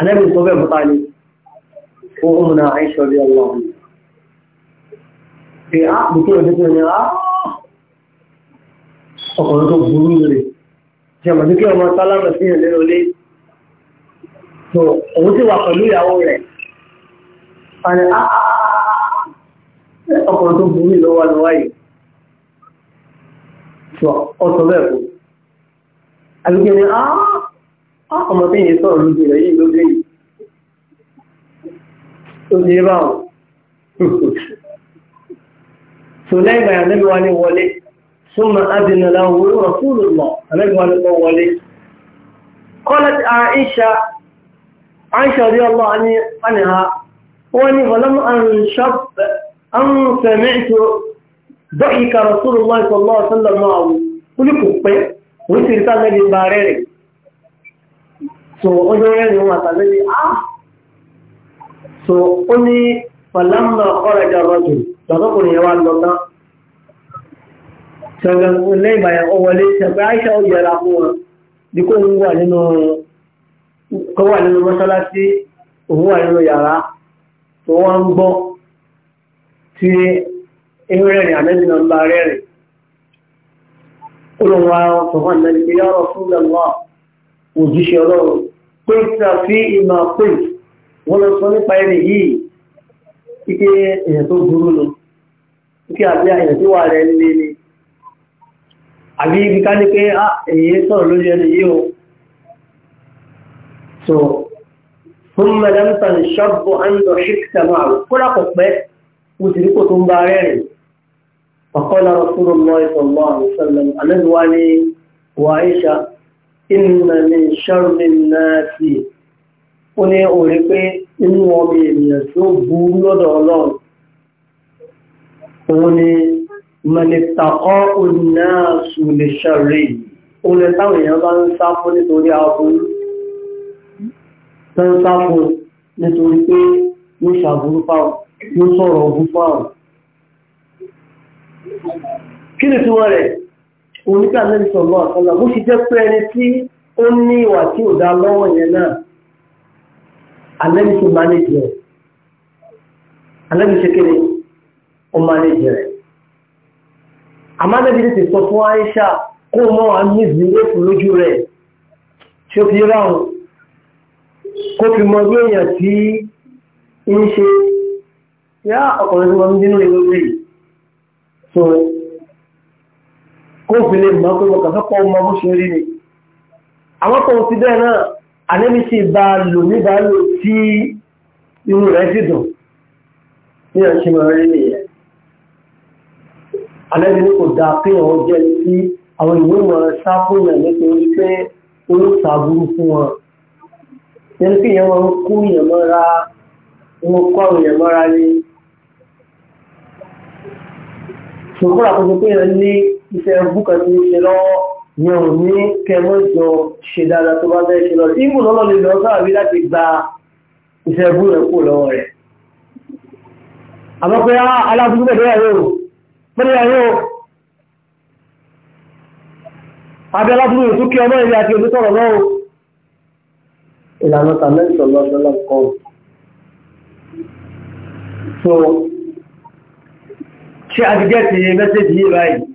Ànábì sọ bẹ́ẹ̀ fún tani fún ọmọdé Àìṣà bí ọlọ́run. Ṣé á mú kí ọdún tó ní á ah, ọkùnrin tó burú rẹ̀. Ṣé mọ̀ kí ọmọ sálámà sí ìrìn lórí tó òun sì wà pẹ̀lú ìyàwó rẹ̀. Àní á ah, ah, ọkùnrin tó burú lọ́wọ́ lọ́wọ́ yìí. Ṣọ ọ sọ bẹ́ẹ̀ fún. Àbíkẹ́ ni á ọmọ tí yìí sọ̀rọ̀ lójú rẹ̀ yìí lójú yìí tó ní bá wọn so lẹ́gbà àmẹ́gbà ní wọlé súnmọ́ adìnàlá owó rọ̀fúrù lọ àmẹ́gbà ní kọ wọlé kọ́lẹ̀tì àìṣà àìṣà rí ọlọ́ àníhà wọ́n ni wọ́n lọ́mọ́ àrùnṣẹ́mẹ́tò so ó jẹ́ rẹ̀rin wọn àtàlẹ́ ní á ah! so ó ní pàlámà ọ̀rẹ́jà rọ́jù lọ́tọ́kùnrin yẹn wá lọ tán ṣẹ̀gbẹ̀ ilé ìbàyàn ó wọlé ṣẹ̀gbẹ̀ àìṣà ó yẹra fún wọn bí kò ń wà nínú kó wà nínú mọ́ṣáláṣí òun wà nínú yàrá tó wá ń gbọ́ tí inú rẹ̀rin àmẹ́bí náà ń bá rẹ̀rin ó lóun wá sọ fún àmẹ́bí pé fún lẹ́wọ̀n òjíṣẹ́ ọlọ́run pé tàbí ìmọ̀ pé wọ́n lọ sọ nípa ẹni yìí kíké èèyàn tó burú lọ kíké àbí àyàn tó wà rẹ̀ nílé ni àbí ibi ká ní pé èèyàn ah, sọ̀rọ̀ lórí ẹni yìí o so fún mẹ́lẹ́mtàn ṣọ́bù àndọ̀ ṣíkítà máa kúrò kò pẹ́ mo sì rí kò tó ń ba rẹ́rìn ọ̀kọ́ lára fúnra mọ́ ìsọ̀lọ́ àrùn sọ́lọ́ àlẹ́ wa ní wàá ìṣà ìnà ní ṣọ́rùmí náà sí ó ní òrí pé inú ọmọ ènìyàn tí ó burú lọ́dọ̀ ọlọ́run òun ni mẹ́lẹ̀tàkọ́ onáàsù lè ṣọ́rẹ̀ òun lè táwọn èèyàn bá ń sá fún nítorí aburú tó ń sá fún nítorí pé yóò ṣàbúrú fáwọn yóò sọ̀rọ̀ ọ̀bú oníkà lẹ́nu sọ̀rọ̀ àtọ́lá bó ṣe jẹ́ pé ẹni tí ó ní ìwà tí ò dá lọ́wọ́ yẹn náà alẹ́bí ṣe mánéjì rẹ̀ alẹ́bí ṣe kéde ó mánéjì rẹ̀ àmánẹ́bí ti sọ fún Aisha kó mọ́ àmìzì lẹ́kùn lójú rẹ̀ tí ó fi ráhùn kó fi mọ bí èèyàn tí ń ṣe yá ọkùnrin tí wọ́n ń dínú ìlú rẹ̀ so kó fi lè mọ́ pé wọ́n kàn fẹ́ pọ́ ọmọ bó ṣe rí ni àwọn kan ti bẹ́ẹ̀ náà ànẹ́bí sì bá a lò ní bá a lò tí irú rẹ̀ sì dùn ní ọ̀ṣẹ́ mọ̀ rí nìyẹn ànẹ́bí ní kò dáa pé àwọn jẹ́ sí àwọn ìwé mọ̀ sá fún yàn nítorí pé ó ń fún wọn yẹn kí yẹn wọn kú yàn mọ́ra wọn kọ́ àwọn yàn mọ́ra ni ṣùgbọ́n àkókò pé yẹn ní iṣẹ́ búkà tí ó ṣe lọ́wọ́ yẹn ò ní kẹmọ́ ìjọ ṣe dáadáa tó bá bẹ́ẹ̀ ṣe lọ sí ìmú lọ́lọ́ lè lọ sáàbí láti gba iṣẹ́ bú rẹ̀ kó lọ́wọ́ rẹ̀ àmọ́ pé ah, aláàbùkù bẹ̀rẹ̀ yàrá o bẹ̀rẹ̀ yàrá o abẹ́ so ṣé àti gẹ́ẹ̀tì báyìí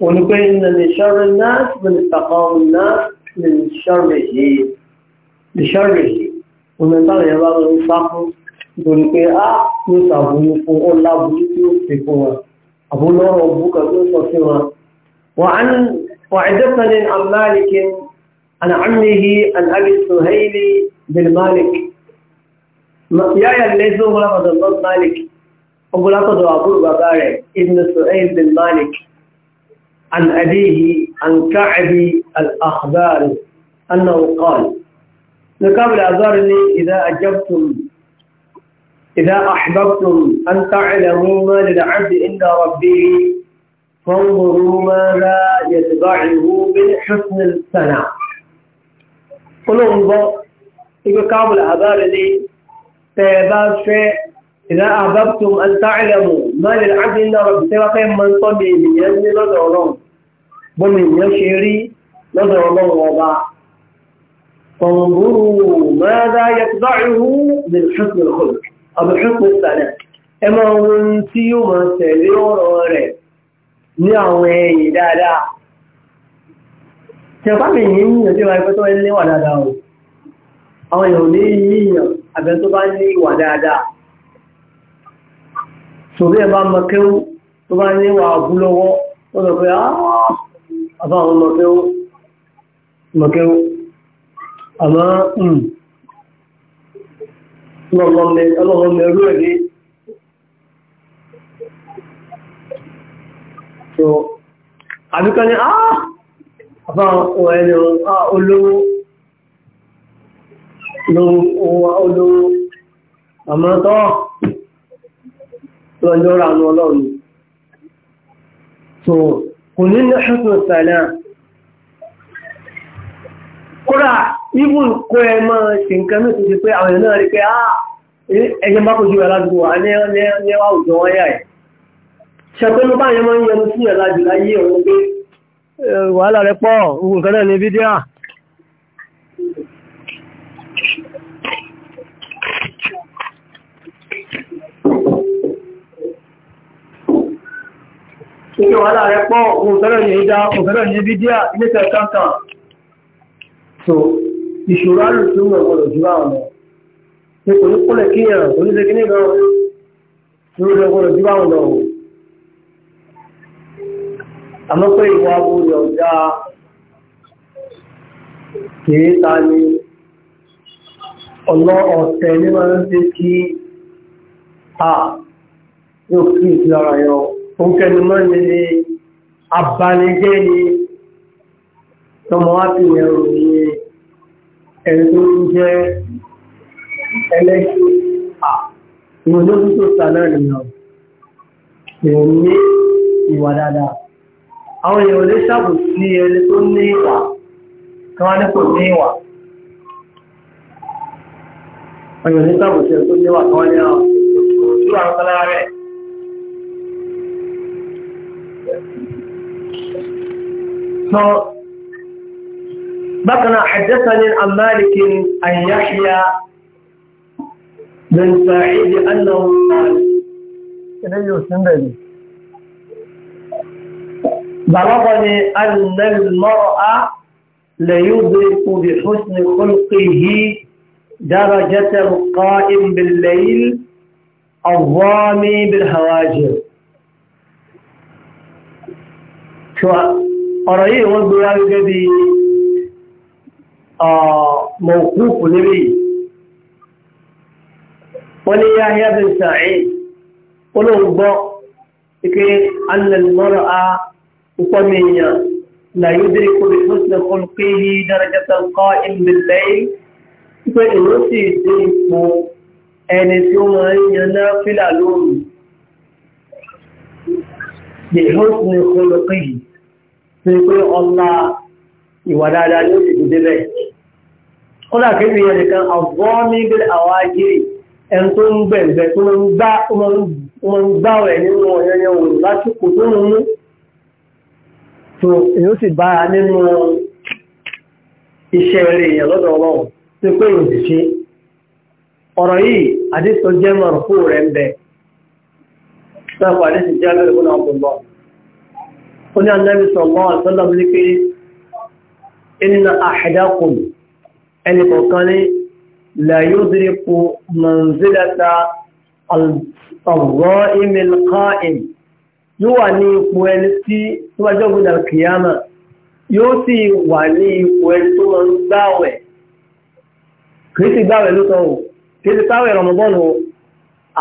ونقول إن من شر الناس من استقام الناس من شره لشره ومن طال يبقى يصاب ونقول آه يصاب يفوق الله بيتي أبو نور أبوك يصاب وعن وعدتني عن مالك عن عمه عن أبي السهيل بن مالك يا يا ليسوا ولا مالك أبو لا تدعوا أبو باباري ابن سهيل بن مالك عن أبيه عن كعب الأخبار أنه قال نقاب الأخبار إذا أجبتم إذا أحببتم أن تعلموا ما للعبد عند ربه فانظروا ماذا يتبعه من حسن الثناء قلوا انظر إبقاب الأخبار لي إذا أحببتم أن تعلموا ما للعبد إلا رب سيبقى من طبيب ينزل دورهم bọ́ọ̀lù ìyẹn ṣe rí lọ́dọ̀ ọlọ́run ọba fọ̀nbúrú mẹ́ta yẹtùbáìhù lè ṣùkùn ìkọlù àbùṣùkùn ìsàlẹ̀ ẹ máa wo ohun tí yóò máa tẹ̀lé ọ̀rọ̀ rẹ̀ ní àwọn ẹ̀yìn dáadáa tẹ̀fà mi yìí ń yàn tí àbáwọn mọ̀kẹ́wó àmọ́ hmm, ọlọ́run mẹ́rú ẹ̀ ní so àbíkọ́ ní àá àbáwọn ẹni olówó olówó àmọ́ tọ́ lọ́jọ́ ra àwọn ọlọ́run so kò ní ní ṣùtù sàlẹ̀ kódà ibùn kó ẹ máa ṣe nǹkan mẹ́tò ti pé àwọn èèyàn rí pé ah, ẹ̀yẹ bá kojú aládùúgbò wa ní ẹwà òjò wọn ẹ̀ ṣàtọ́nù báyẹn máa ń yẹnu sí ẹ̀ láyé òun pé eh, wàhálà rẹ pọ̀ nǹkan náà ní fídíà torí wàhálà rẹ pọ̀ òfẹ́rẹ̀ yẹn ìdá òfẹ́rẹ̀ yẹn bí díà ilé-iṣẹ́ káńtà so ìṣòro alùsùn rẹ̀ gbọdọ̀ jù bá wọn ní kò ní kúlẹ̀ kíyàn kò ní sẹ́kí nígbà ìṣòro rẹ̀ gbọdọ̀ jù bá wọn lọ. àmọ́ pé òǹkẹnumọ́ ni ni abanijẹ́ ni tọmọ wá fi yẹn ròyìn ẹni tó ń jẹ́ ẹlẹ́sìn à ìwọ̀n ló tó sà náà nìyàn èèyàn ní ìwà dáadáa àwọn èèyàn lè ṣàbò sí ẹni tó ní ìwà kan wá ní kò ní ìwà àwọn èèyàn lè ṣàbò sí ẹni tó ní ìwà kan wá ní àwọn òṣèlú àwọn ọ̀sán lára rẹ̀ بقنا حدثني عن مالك أن يحيى بن سعيد أنه قال بلغني أن المرأة ليدرك بحسن خلقه درجة القائم بالليل الظامي بالهواجر شو ọ̀rọ̀ yìí wọ́n gbé wá gẹ́gẹ́ bí mọ̀kúfù níbí wọ́n ní Yahya bin Sa'id olóògbọ́ ike alẹ́lmọ́rọ̀ a púpọ̀ mìíràn la yudriku bi husni khulqihi darajatal qa'im bil layl pé ìlú sì dé ipò ẹni tí ó máa ń yan náà fílà lóòrùn bi husni khulqihi ṣe pé ọlá ìwà dáadáa ló sì dúdé bẹ́ẹ̀. ó dà kí ìyẹn nìkan àwọ̀ ní bí àwọn ajé ẹni tó ń gbẹ̀ǹgbẹ̀ tó ń gbá wọn gbá rẹ̀ nínú ọ̀yẹ́yẹ́ wò lásìkò tó ń mú. tó èyí ó sì bá a nínú iṣẹ́ rẹ̀ èèyàn lọ́dọ̀ ọlọ́run tó pé òsì ṣe. ọ̀rọ̀ yìí àdìsọ jẹ́ mọ̀rọ̀ fún rẹ̀ ń bẹ̀. sọ́kọ̀ àdìsọ jẹ́ abẹ́rẹ́ fún àwọn ó ní Ànábì sallallahu alaihi wasallam ní pé inna ahadakum ẹni kọ̀ọ̀kan ní la yudriku manzilata al-dha'im al-qa'im yóò wà ní ipò ẹni tí tó bá jọ́gbọ́n dàrú kìyàmà yóò sì wà ní ipò ẹni tó máa ń kìí sì gbàwẹ̀ ló tán o kìí sì gbàwẹ̀ Ramadan o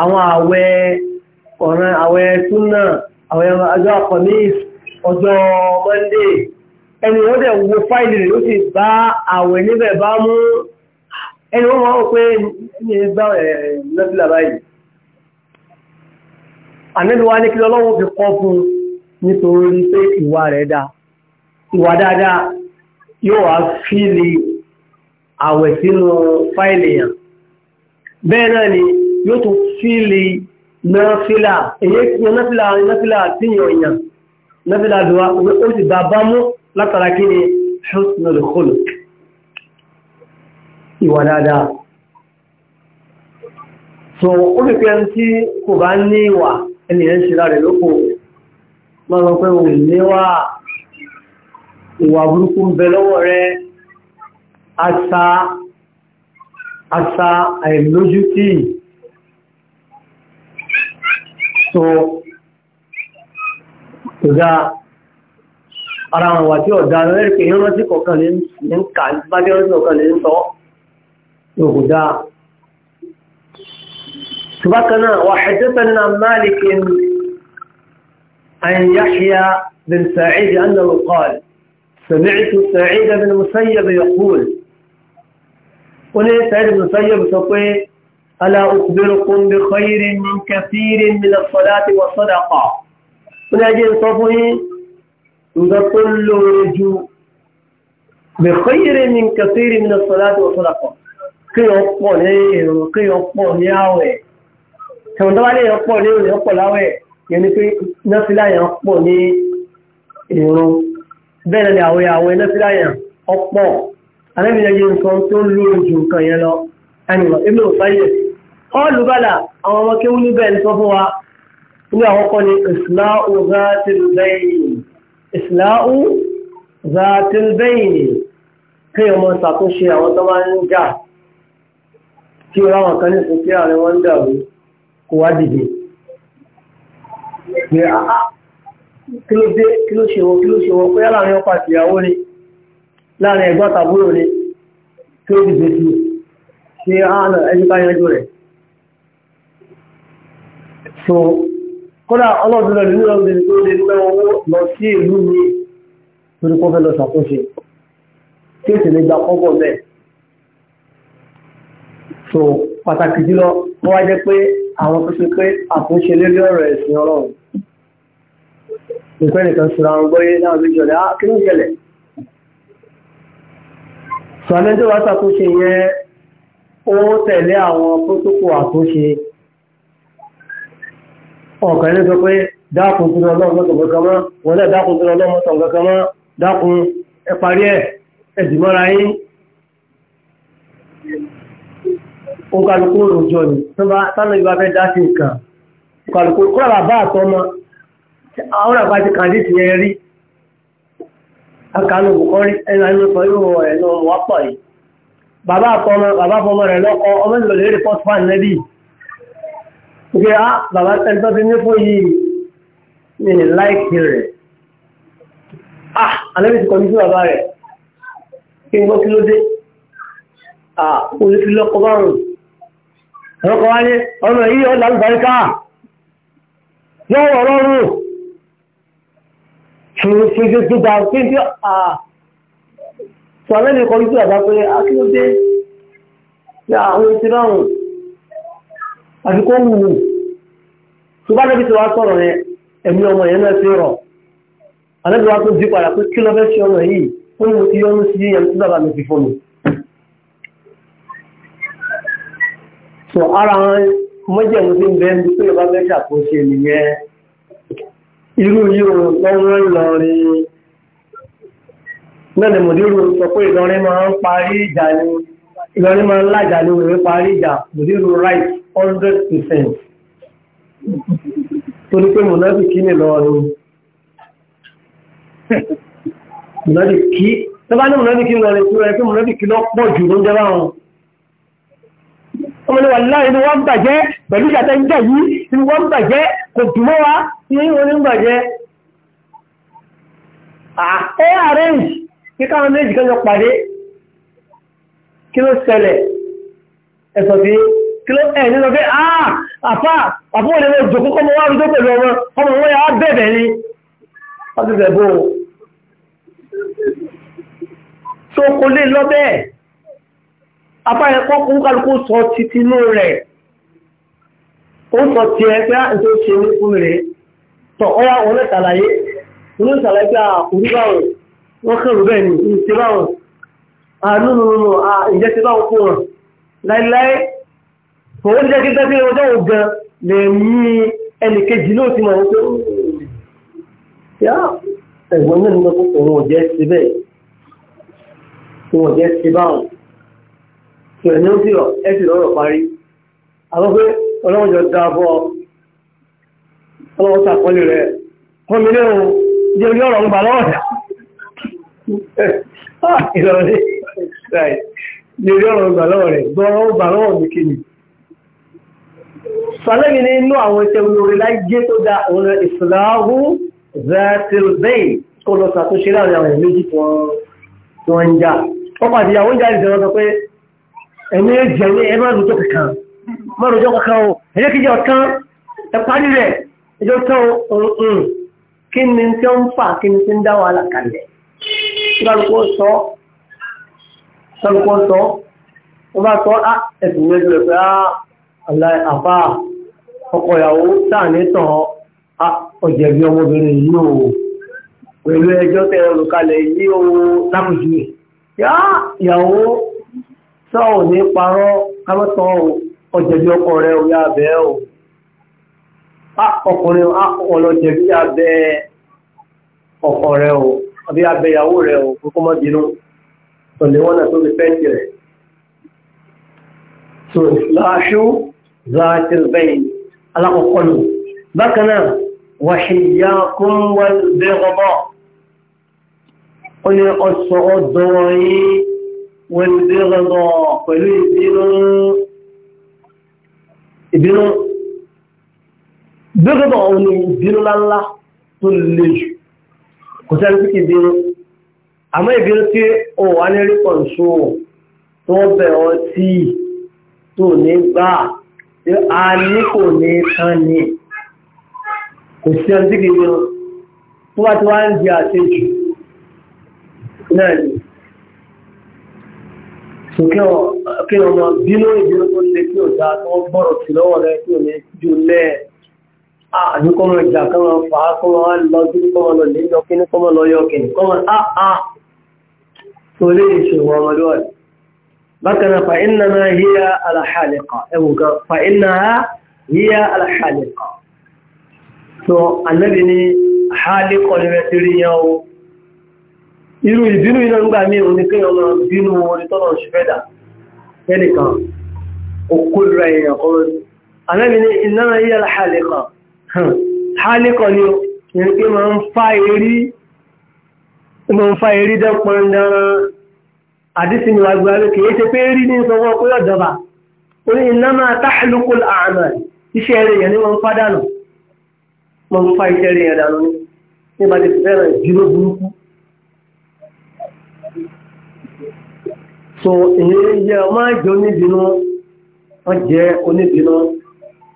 àwọn àwẹ̀ ọ̀ràn ọjọ́ mọ́ndé ẹni wọ́n dẹ̀ wo fáìlì rẹ̀ ó sì bá àwẹ̀ níbẹ̀ bá mú ẹni wọ́n mọ́ pé ní bá lọ́sílà báyìí àmẹ́lú wa ní kí lọ́lọ́wọ́ fi kọ́ fún nítorí pé ìwà rẹ̀ dá ìwà dáadáa yóò wá fíìlì àwẹ̀ sínú fáìlì yàn bẹ́ẹ̀ náà ni yóò tún fíìlì náfìlà èyí náfìlà náfìlà tíyàn yàn nọ́fílà àdúwà ó sì bá bá mú látara kí ni husnul khuluq ìwà dáadáa so ó fi pẹ́ tí kò bá ní ìwà ẹni ẹ̀ ń ṣe láre lóko máa pé òun níwà ìwà burúkú bẹ lọ́wọ́ rẹ̀ àṣà àìlójútì so tó وحدثنا مالك عن يحيى بن سعيد أنه قال سمعت سعيد بن مسيب يقول قلت سعيد بن مسيب سقي ألا أخبركم بخير من كثير من الصلاة والصدقة oníyàjẹ́ ń sọ fún yín nǹkan tó lóore ju bẹ̀kọ́yẹ̀rẹ̀ ní kẹfẹ́rì mi lọ́sọ̀ láti ọ̀tún lápọ̀ kéèyàn pọ̀ ní èrò kéèyàn pọ̀ ní àwẹ̀ tẹ̀wọ̀n tó bá lè yàn pọ̀ ní èrò yàn pọ̀ láwẹ̀ yẹn ni pé nọ́fìlà yàn pọ̀ ní èrò bẹ́ẹ̀ ní àkọ́kọ́ ni ìsìláù záàtìlbẹ́yìn ìsìláù záàtìlbẹ́yìn kí ọmọ ṣàtúnṣe àwọn tó máa ń jà kí ráwọn kan ní sókè àárín wọn dàrú kó wá dìde pé kí ló dé kí ló ṣe wọn kí ló ṣe wọn pé láàrin ọkọ àti ìyàwó ni láàrin ẹ̀gbọ́n tàbúrò ni kí ó dìde sí ṣe àánà ẹni bá yanjú rẹ̀ so kódà ọlọ́dún lọ nínú ọdún tó lè pẹ́ owó lọ sí ìlú mi torí kó fẹ́ lọ ṣàkóso tí èsì lè gba kọ́bọ̀ bẹ́ẹ̀ so pàtàkì jùlọ wọ́n wá jẹ́ pé àwọn tó ṣe pé àtúnṣe lórí ọ̀rọ̀ ẹ̀sìn ọlọ́run nǹkan nìkan sọ̀rọ̀ àwọn gbọ́yé láwọn méjì ọ̀dẹ́ kí ló ń ṣẹlẹ̀ sọ̀rọ̀ mẹ́jọ wá ṣàkóso yẹn ó tẹ̀lé àwọn pótókò àtúnṣe ọ̀kan ní sọ pé dákun kúrò ọlọ́run mọ́tò kankan mọ́ wọn náà dákun kúrò ọlọ́run mọ́tò kankan mọ́ dákun ẹ parí ẹ ẹ dì mọ́ra yín. òǹkàlùkù òròjọ ni tánà ìbá fẹ́ dá sí nǹkan òǹkàlùkù kúrò bàbá àtọmọ àwọn àgbà ti kàdí tiẹ̀ rí akànú bùkọ́rí ẹnu àmì kan yóò ẹnu wọ́pọ̀ yìí Okay, ah, bàbá tẹ́ntọ́ ti ní fún yìí ní láìkì ah alẹ́bí ti kọjú sí bàbá rẹ̀ kí n gbọ́ kí ah orí fi lọ́kọ́ bárùn ọ̀rọ̀kọ́ wá ní ọ̀nà yìí ọ̀là àlùbáríkà lọ́wọ́ ọlọ́run ṣùgbọ́n fi ṣe tó dá pé bí ah so alẹ́bí kọjú sí bàbá pé á ah, kí ló dé ní àwọn ìṣẹ́ àti kó wù wù tó bá lẹ́bi tí wàá sọ̀rọ̀ yẹn ẹ̀mí ọmọ yẹn náà ti rọ̀ àlẹ́bí wàá tó di padà pé kí lọ fẹ́ ṣe ọmọ yìí ó ní mo ti yọ́nú sí yẹn tí bàbá mi fi fún mi. sọ ara wọn mọ́jẹ̀mú ti ń bẹ́ẹ̀ ní pé ìbá fẹ́ ṣàkóso nìyẹn irú yíò lọ́wọ́ Ìlọrin lẹ́nà mòdírù sọ pé Ìlọrin máa ń parí ìjà ni Ìlọrin máa ń lájà ni òwe parí ìjà mòdírù right hundred percent torí pé mọ̀nàbí kí ní lọ́ọ̀rùn mọ̀nàbí kí tọ́bá ní mọ̀nàbí kí lọ́ọ̀rùn tí ó rẹ̀ pé mọ̀nàbí kí lọ pọ̀ jù ló ń jẹ́ báwọn ọmọ níwà láàrin ni wọ́n ń bàjẹ́ pẹ̀lú ìjàtẹ́ ń jà yìí ni wọ́n ń bàjẹ́ kò dùn wa ní wọ́n ń bàjẹ́ àẹ́ arrange kí káwọn méjì kan jọ pàdé kí ló ṣẹlẹ̀ ẹ̀sọ̀ bíi kíló ẹ̀ nínú pé àà ah, àfá àfúnwọ̀n lè jòkó kọmọ wá rújó pẹ̀lú ọmọ ọmọ wọ́n yà á bẹ̀bẹ̀ ni ọdúnbẹ̀ bó tó kó lè lọ bẹ́ẹ̀ afá ẹ̀kọ́ kó kálukú sọ títí inú rẹ̀ ó sọ ti ẹ pé àìsàn ah, ṣe ní fún rẹ̀ tọ̀ ọ́yá wọn lè ṣàlàyé wọn lè ṣàlàyé pé àkùrí ah, báwọn wọ́n kẹrù bẹ́ẹ̀ ni ìṣe báwọn àánú nínú ìjẹ́sẹ̀ báwọn fún wọn láíláí òun jẹ́ kí gbẹ́sẹ̀ ọjọ́ ògan lè yí ẹnì kejì náà ti mọ̀ wọ́n pé yá ẹ̀gbọ́n náà ní ọkọ̀ òun ò jẹ́ ṣe bẹ́ẹ̀ òun ò jẹ́ ṣe báwọn tó ẹni ó sì rọ̀ ẹ sì rọ̀rọ̀ parí àwọn pé ọlọ́run jọ da bọ́ ọlọ́run sàkọlé rẹ̀ wọ́n mi ní òun jẹ́ orí ọ̀rọ̀ ń lọ́wọ́ rẹ̀ (laughs) ah, ìrọ̀lẹ́ ní orí ọ̀rọ̀ ń lọ́wọ́ rẹ̀ gbọ́ ọ̀rọ̀ lọ́wọ́ mi kìnnìkan sàlẹ́mi ní inú àwọn iṣẹ́ olórí láyé tó dá òun rẹ̀ ìsìláhù zẹ́tìlbẹ́ì kó lọ sàtúnṣe láàrin àwọn méjì tí wọ́n ń jà wọ́n pàdé àwọn ìjà ìjọba sọ pé ẹ̀mí ẹ̀jẹ̀ ní ẹ má rojọ́ kankan má rojọ́ kankan o ẹ̀jẹ̀ kíjọ tán ẹ parí rẹ̀ ẹjọ́ tán o hmm, kí ni tí ó ń fà kí ni tí ń dá wàhálà kalẹ̀ sọ́lùkọ́ sọ́ sọ́lùkọ́ sọ́ wọ́n bá sọ́ ah, ọkọ ìyàwó sáàní tàn ọ̀jẹ̀bí ọmọbìnrin yìí o pẹ̀lú ẹjọ́ tẹ olùkalẹ̀ yìí o lápùjúwe yá ìyàwó sọ ò ní parọ́ kámẹ́tàn ọ̀jẹ̀bí ọkọ rẹ ò yá bẹ́ẹ̀ o ọkùnrin ọlọ́jẹ̀bí abẹ́ ọkọ rẹ o àbí abẹ́ ìyàwó rẹ o kókó mọ́ bínú tọ̀lé wọ́n náà tó fi fẹ́ǹtì rẹ̀. So, láṣú, láti bẹ́yìn alákọ̀ọ́kọ́ lò bákan náà wàṣíyá kún wọ́n bẹ́ẹ̀ ọ̀bọ̀ ó ní ọ̀sọ̀ ọ̀dọ̀ yìí wọ́n bẹ́ẹ̀ ọ̀dọ̀ pẹ̀lú ìbínú ìbínú bẹ́ẹ̀ ọ̀dọ̀ òun ni ìbínú láńlá tó le jù kò sẹ́ni àmọ́ ìbínú tí ó wà ní rí pọ̀ tó bẹ̀ tí tó ní gbáà a ní kò ní tán ni kò sí ẹni tí kì í lọ tó bá ti wá ń di àṣejù náà ni so kí ọmọ bínú ìbínú tó lè kí ọjà tó gbọ́rọ̀ sí lọ́wọ́ rẹ kí o ní jù lẹ́ẹ̀ àbí ìjà kọ́mọ fà á wá lọ sí kọ́mọ lọ lè yọ kí ní kọ́mọ lọ yọ kí ní kọ́mọ áà tó lè ṣe wọ́n ọmọdé wà bákaná fa’inna na hiyar alhalika ẹwùgá fa’inna ha hiyar alhalika so annabi ni halika olivetiri yau iru ibinu ina nga mi ni kai ọmọ binu wani tọrọ ṣifeda ẹnika okunra ya kọrọ annabi ni ina na hiyar alhalika halika ni yankin ma n fa’iri dan àdísí ni wà gbà rẹ̀ kìí ṣe pé rí ní ìsọwọ́ pé ọ̀dọ́ba ó ní iná máa táàlùkù àmà iṣẹ́ rẹ̀ yẹn ni wọ́n ń fa dànù wọ́n ń fa iṣẹ́ rẹ̀ yẹn dànù ní nígbà ti fẹ́ràn ìdúró burúkú. so èyí yẹ ọmọ àjọ oníbìnú wọ́n jẹ́ oníbìnú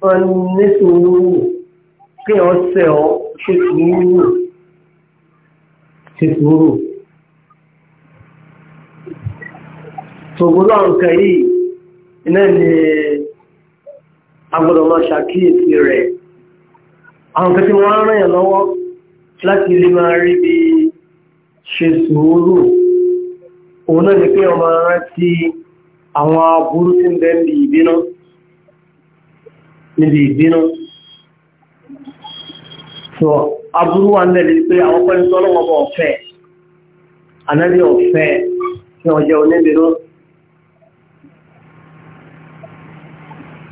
wọ́n ní sùúrù kí wọ́n sẹ̀ ọ́ ṣe sùúrù ṣe sùúrù. ṣògbónà nǹkan yìí iná ni agbọ́dọ̀ máa ṣàkíyèsí rẹ̀ àwọn kan tí wọ́n rán yàn lọ́wọ́ láti lè máa rí bí ṣe sùúrù òun náà ni pé ọmọ rántí àwọn aburú tí ń bẹ níbi ìbínú níbi ìbínú so aburú wa nílẹ̀ ni pé àwọn pẹ́ni tọ́lọ́wọ́ bọ̀ ọ̀fẹ́ ànábì ọ̀fẹ́ tí wọ́n jẹ́ oníbìnú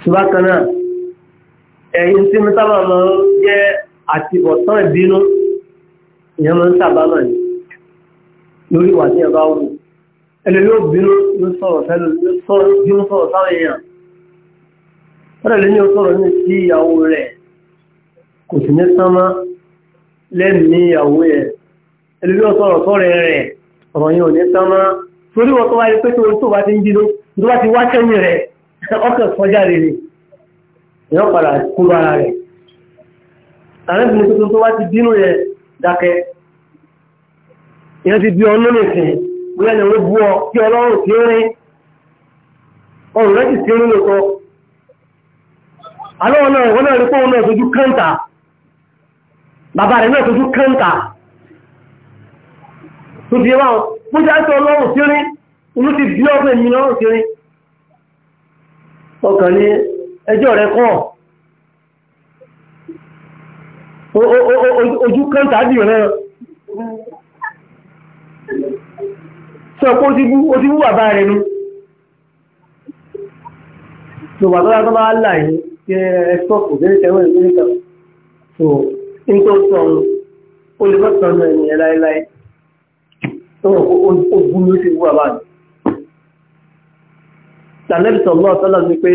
ṣùgbọ́n kan náà ẹ̀yìn tí mo sábà máa ń jẹ́ àti ọ̀tán ìbínú ìyẹn máa ń sábà máa ní lórí ìwà tí ẹ̀ bá wù ẹni yóò bínú ló sọ̀rọ̀ fẹ́lú bínú sọ̀rọ̀ sáwọn èèyàn wọ́n ni, ní o sọ̀rọ̀ ní sí ìyàwó rẹ̀ kò sì ní sánmá lẹ́mìí ìyàwó ẹ̀ ẹni yóò sọ̀rọ̀ sọ̀rọ̀ rẹ̀ ọkọ̀ kọjáre ni èèyàn padà kú lára rẹ̀ àwọn ìbìnrin tuntun tó wá ti bínú yẹn dákẹ́ èèyàn ti bí ọ̀nà nìkan bóyá ni wọ́n bú ọ kí ọlọ́run tí ó rìn ọrùn rẹ̀ sì ti rìn lóko alọ́wọ́ náà ìwọ́n náà rí pé òun náà sojú kẹ́ńtà bàbá rẹ̀ náà di wá bó ṣe á sọ ọkàn ní ẹjọ́ rẹ kọ́ ojú kan tàbí rẹ̀ sọ pé ó ti wú bàbá rẹ̀ nú tó wà tọ́lá bá láì kí ẹ sọ́pù jẹ́ ìtẹ́wọ̀n ìlú nìkan tó ń tó sọ ó lè mọ́sàn ẹ̀láìláì tó wọ́n ó ló ti wú bàbá rẹ̀ sànẹ́bì sọ̀rọ̀ sọ́lọ́ ní pé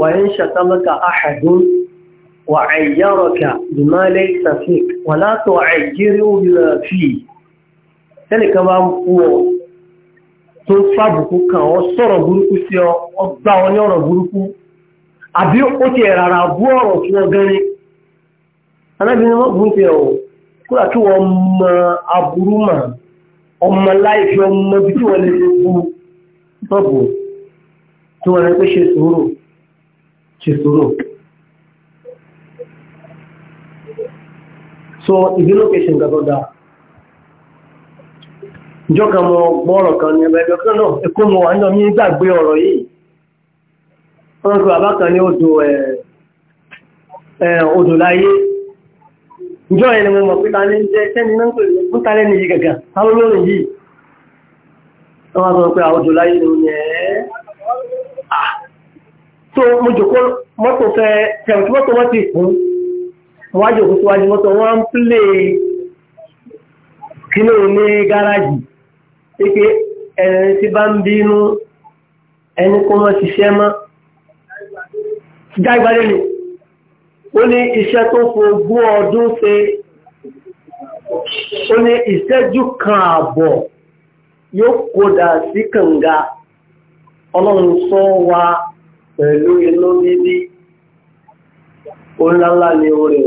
wà ń ṣàtàmọ́ka àhàdún wà àyàrọ̀kà ìmọ̀lẹ̀ sàfík wà látọ̀ àìjírí òbílà fi tẹ́nìkan bá ń kú ọ tó fàbùkù kan ọ sọ̀rọ̀ burúkú sí ọ ọgbà ọ ní kí wọ́n mọ aburú mọ̀ ọmọ láìfi ọmọ bí tí wọ́n lè ṣe fún tọ́bù tó wọ́n rẹ̀ pé ṣe so ìdílò kèṣe nǹkan tó mọ gbọ́ọ̀rọ̀ kan ní ẹgbẹ́ ẹgbẹ́ náà ẹkọ́ mọ wà náà gbàgbé ọ̀rọ̀ yìí wọ́n ní odò odò láyé ni mo ní jẹ́ tó mo jòkó mọ́tò fẹ́ tẹ̀wọ̀n mọ́tò wọ́n ti kún wọ́n jòkó síwájú mọ́tò wọ́n ń plé kínú ní gáràjì pé ẹni tí bá ń bínú ẹni kó mọ́ ṣiṣẹ́ mọ́ ni ó ní iṣẹ́ tó fogún ọdún ṣe ó ní ìṣẹ́jú kan ààbọ̀ yóò kódà sí kànga ọlọ́run sọ wa. pẹ̀lú inú dídí onílànlá ni orí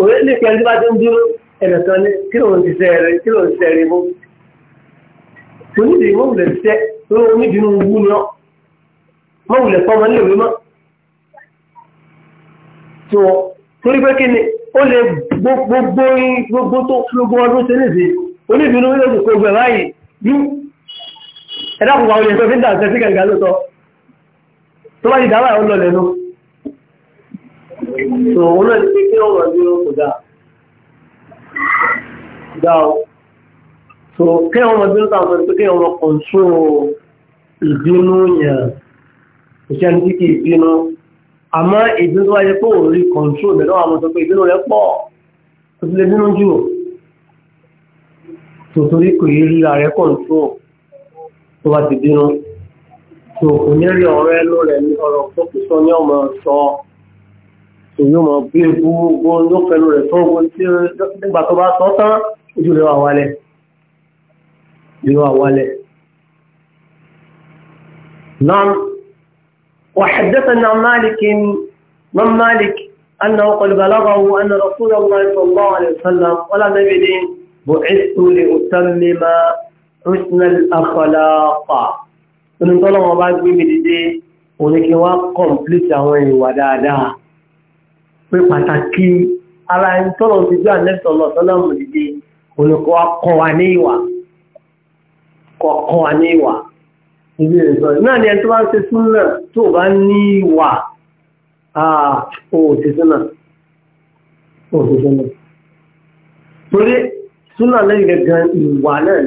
orí ní pẹ̀lú bá ti ń dúró ẹ̀nìkan ní kí ló ń ṣiṣẹ́ rẹ̀ kí ló ń ṣiṣẹ́ rẹ̀ mú onídìí mọ́ wùlẹ̀ ṣiṣẹ́ tó ń ní ìdínú wú ni ọ́ mọ́ wùlẹ̀ pọ́ ọmọ nílò mímọ́ tó torí pé kí ni ó lè gbogbo gbogbo tó gbogbo ọdún ṣe nídìí onídìí ló ń lè kó gbẹ báyìí ẹ̀dá púpọ̀ àwọn èèyàn tó fi ń dà ṣẹ́ sí kẹ̀kẹ́ lóòótọ́ tó bá ti dáwà ó lọ lẹ́nu so òun náà ti pé kí ọ̀rọ̀ ní o dáa dáa so kí ọmọ bínú táwọn ẹni tó kí ọmọ kọ̀ǹtró ìbínú yẹn iṣẹ́ ní kíkì ìbínú àmọ́ ìbínú tó wáyé pé òun rí kọ̀ǹtró mẹ́lọ́ àwọn tó pé ìbínú rẹ̀ pọ̀ tó ti lè bínú jù tòtòrí kò yé rí ara rẹ̀ kọ̀ǹtró tó bá ti bínú tó kò ní rí ọ̀rọ̀ ẹnu rẹ̀ ní ọ̀rọ̀ tó kù sọ ní ọmọ sọ tó yóò mọ bí gbogbo ló pẹ̀lú rẹ̀ tó gbogbo tí nígbà tó bá sọ tán ojú rẹ̀ wà wálẹ̀ rẹ̀ wà wálẹ̀. نعم وحدثنا مالك من مالك أنه قد بلغه أن رسول الله صلى الله عليه وسلم ولا نبي بعثت لأتمم husnal akhlaqa nínú tọ́lọ́ wọn bá gbé mi dìde òun ni kí wọ́n kọ̀m̀plìtì àwọn ìwà dáadáa pé pàtàkì ara ẹni tọ́lọ́ ti gbé ànẹ́sọ̀ lọ sọ́lá mọ̀ dìde òun ni kò kọ́ wa ní ìwà kọ́ kọ́ wa ní ìwà ìlú ìsọ̀ náà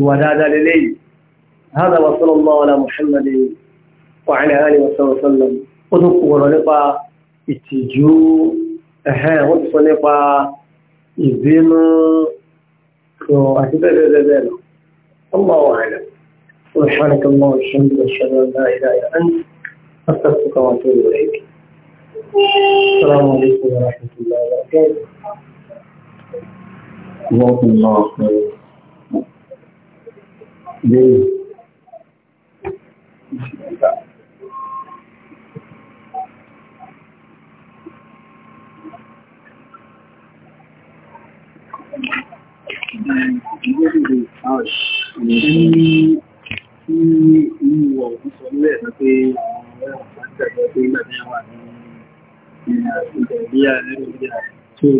وهذا dáadáa هذا وصلى الله على محمد وعلى آله وصحبه وسلم ودقوا tún اتجو أها ودقوا ìtìjú ẹ̀hẹ́n wọ́n ti الله أعلم سبحانك اللهم وبحمدك لله لا إله إلا أنت أستغفرك وأتوب إليك السلام عليكم ورحمة الله وبركاته الله lẹ́yìn.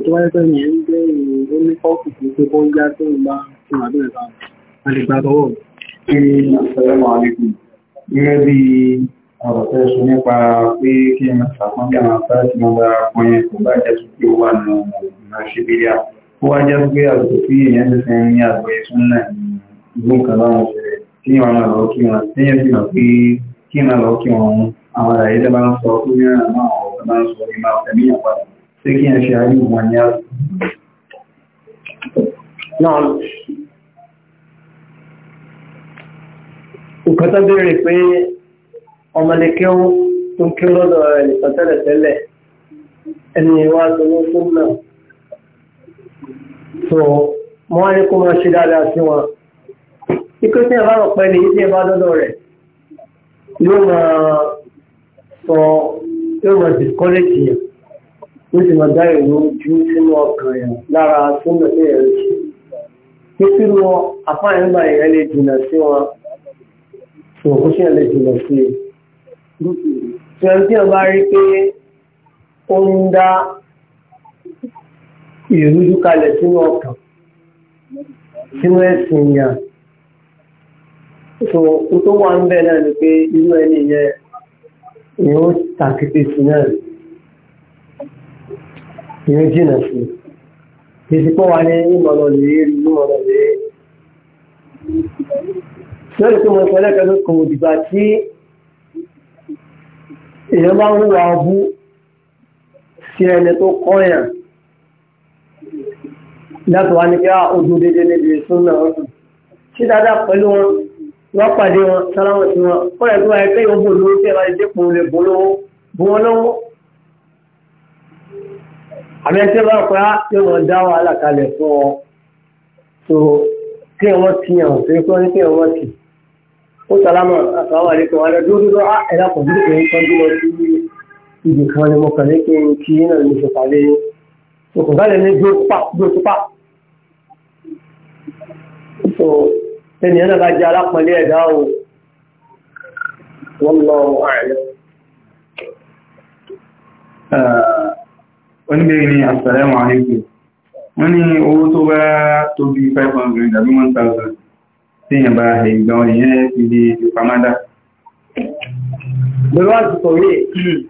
Tòótọ́ ẹgbẹ́ yẹn ń gbé ìròyìn ó ní kọ́ọ̀kù tó kó ń já tó ń bá fún àdúrà sáà alìgbàtọwọ́ kí assalamu alaikum gẹ́gẹ́ bí ọ̀rọ̀ tẹ́ sọ nípa pé kí n sàkọ́ndà máa fẹ́ tí wọ́n bá pọ́n yẹn kò bá jẹ́ tó kí ó wà nù ìmọ̀ ṣíbíríà ó wá jẹ́ pé àgbò tí èèyàn ti fẹ́ ní àgbò ìsún náà ìgbón kan láwọn ṣẹlẹ̀ kí wọ́n máa lọ kí wọ́n tẹ́yẹ̀ sí lọ pé kí wọ́n lọ kí wọ́n àwọn àlàyé tẹ́ bá ń sọ tó yẹn àwọn ọ̀rọ̀ bá ń sọ ìmọ̀ ọ̀tẹ̀mí àpapọ̀ ṣé kí wọ́n ṣe ayé wọn ní àgbò. nǹkan tó béèrè pé ọmọ ní kí ó tó ń kí ó lọ́dọ̀ rẹ̀ tẹ́lẹ̀ tẹ́lẹ̀ ẹni wá lówó fún náà so mo wá ní kó máa ṣe dáadáa sí wọn ikú tí ẹ bá rọ̀ pẹ́ ní tí ẹ bá dọ́dọ̀ rẹ̀ yóò máa sọ yóò máa discourage yẹn ó sì máa dá ìró ju sínú ọkàn yẹn lára sínú ilé ẹ̀rọ ṣe. pípínú àfáàyàn bá ìrẹ́lẹ̀ jìnnà sí wọn tó kó ṣe lè jùlọ sí i. tí wọ́n tí wọ́n bá rí pé ó ń dá ìrújú kalẹ̀ sínú ọkàn sínú ẹ̀sìn yàn so o tó wà ń bẹ̀ náà ni pé inú ẹni yẹn ni ó tàkété sí náà ni ó jìnà sí kì wa ní ìmọ̀lọ́lẹ̀ ìmọ̀lọ́lẹ̀ lórí tó mọ̀ ìpínlẹ̀ kan kò dìgbà tí èèyàn bá ń wà ọbú sí ẹni tó kọ́yàn láti wá ní kí á ojú dédé níbi súnmọ̀ ọdún sí dáadáa pẹ̀lú wọn wọ́n pàdé wọn sáláwọ̀ sí wọn ó yẹ kí wọ́n yẹ pé yóò bò lówó tí ẹ bá ti dépò lè yàn òfin kí wọ́n ní kí wọ́n ti ó sàlámà àtàwà àríkọ̀ wà lọ́dún ah, rírọ́ ẹ̀dàkọ̀ bí kò ń tọ́jú lọ sí ibi kan ni mo kàn ní kí n kí náà ní ṣe so ẹni ẹ̀nà bá jẹ́ alápọ̀lé ẹ̀dá o wọ́n lọ ni àṣàlẹ̀ wọn àríkù wọ́n ní owó tó bá tóbi five hundred àbí one thousand tíyàn bá ìgbọ̀n ìyẹn ti di ìpamádà. Bẹ̀rẹ̀ wá ti kọ̀wé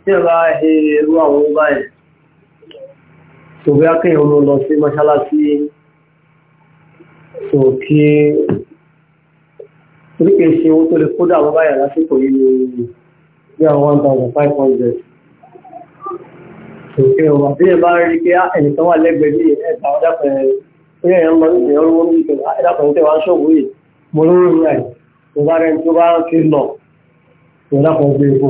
tíyàn bá ẹ̀rọ àwọn báyìí. Tò bí akẹ́yìn olú lọ sí mọ́ṣáláṣí tò kí oríkèé ṣe owó tó lè kódà àwọn báyìí lásìkò yìí ní 1,500. Tò kí ọmọ bí ẹ bá rí pé ah, ẹnìkan wà lẹ́gbẹ̀ẹ́ bí ẹ̀ẹ́ta ọjà pẹ̀lú ó yẹ ẹ̀yàn lọ ní ìyọrùn mo lówó ní àyè tó bá rẹ̀ tó bá ti lọ tó dápọ̀ gbé epo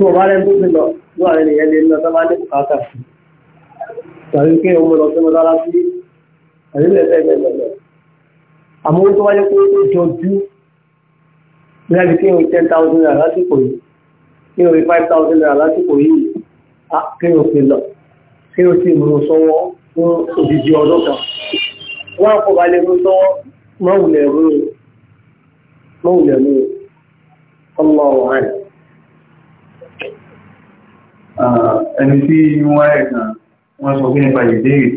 tó bá rẹ̀ tó ti lọ tó àwọn ènìyàn lè lọ tó bá ní bùkátà sí tàbí kí ọmọ lọ sí mọ́tàlá sí àbí bẹ́ẹ̀ bẹ́ẹ̀ bẹ́ẹ̀ lọ àmọ́ tó wáyé pé ó jọjú bí a ti kí o ten thousand naira lásìkò yìí kí o five thousand naira lásìkò yìí kí o fi lọ kí o sì mú sọ́wọ́ fún òdìdí ọdún kan wọ́n á kọ̀ balẹ̀ mú sọ́wọ́ mọ́wùlẹ̀ rúrù mọ́wùlẹ̀ rúrù ọlọ́wọ̀ rẹ̀. ẹni tí wọ́n ẹ̀kàn wọ́n sọ fún nípa ìbéèrè tí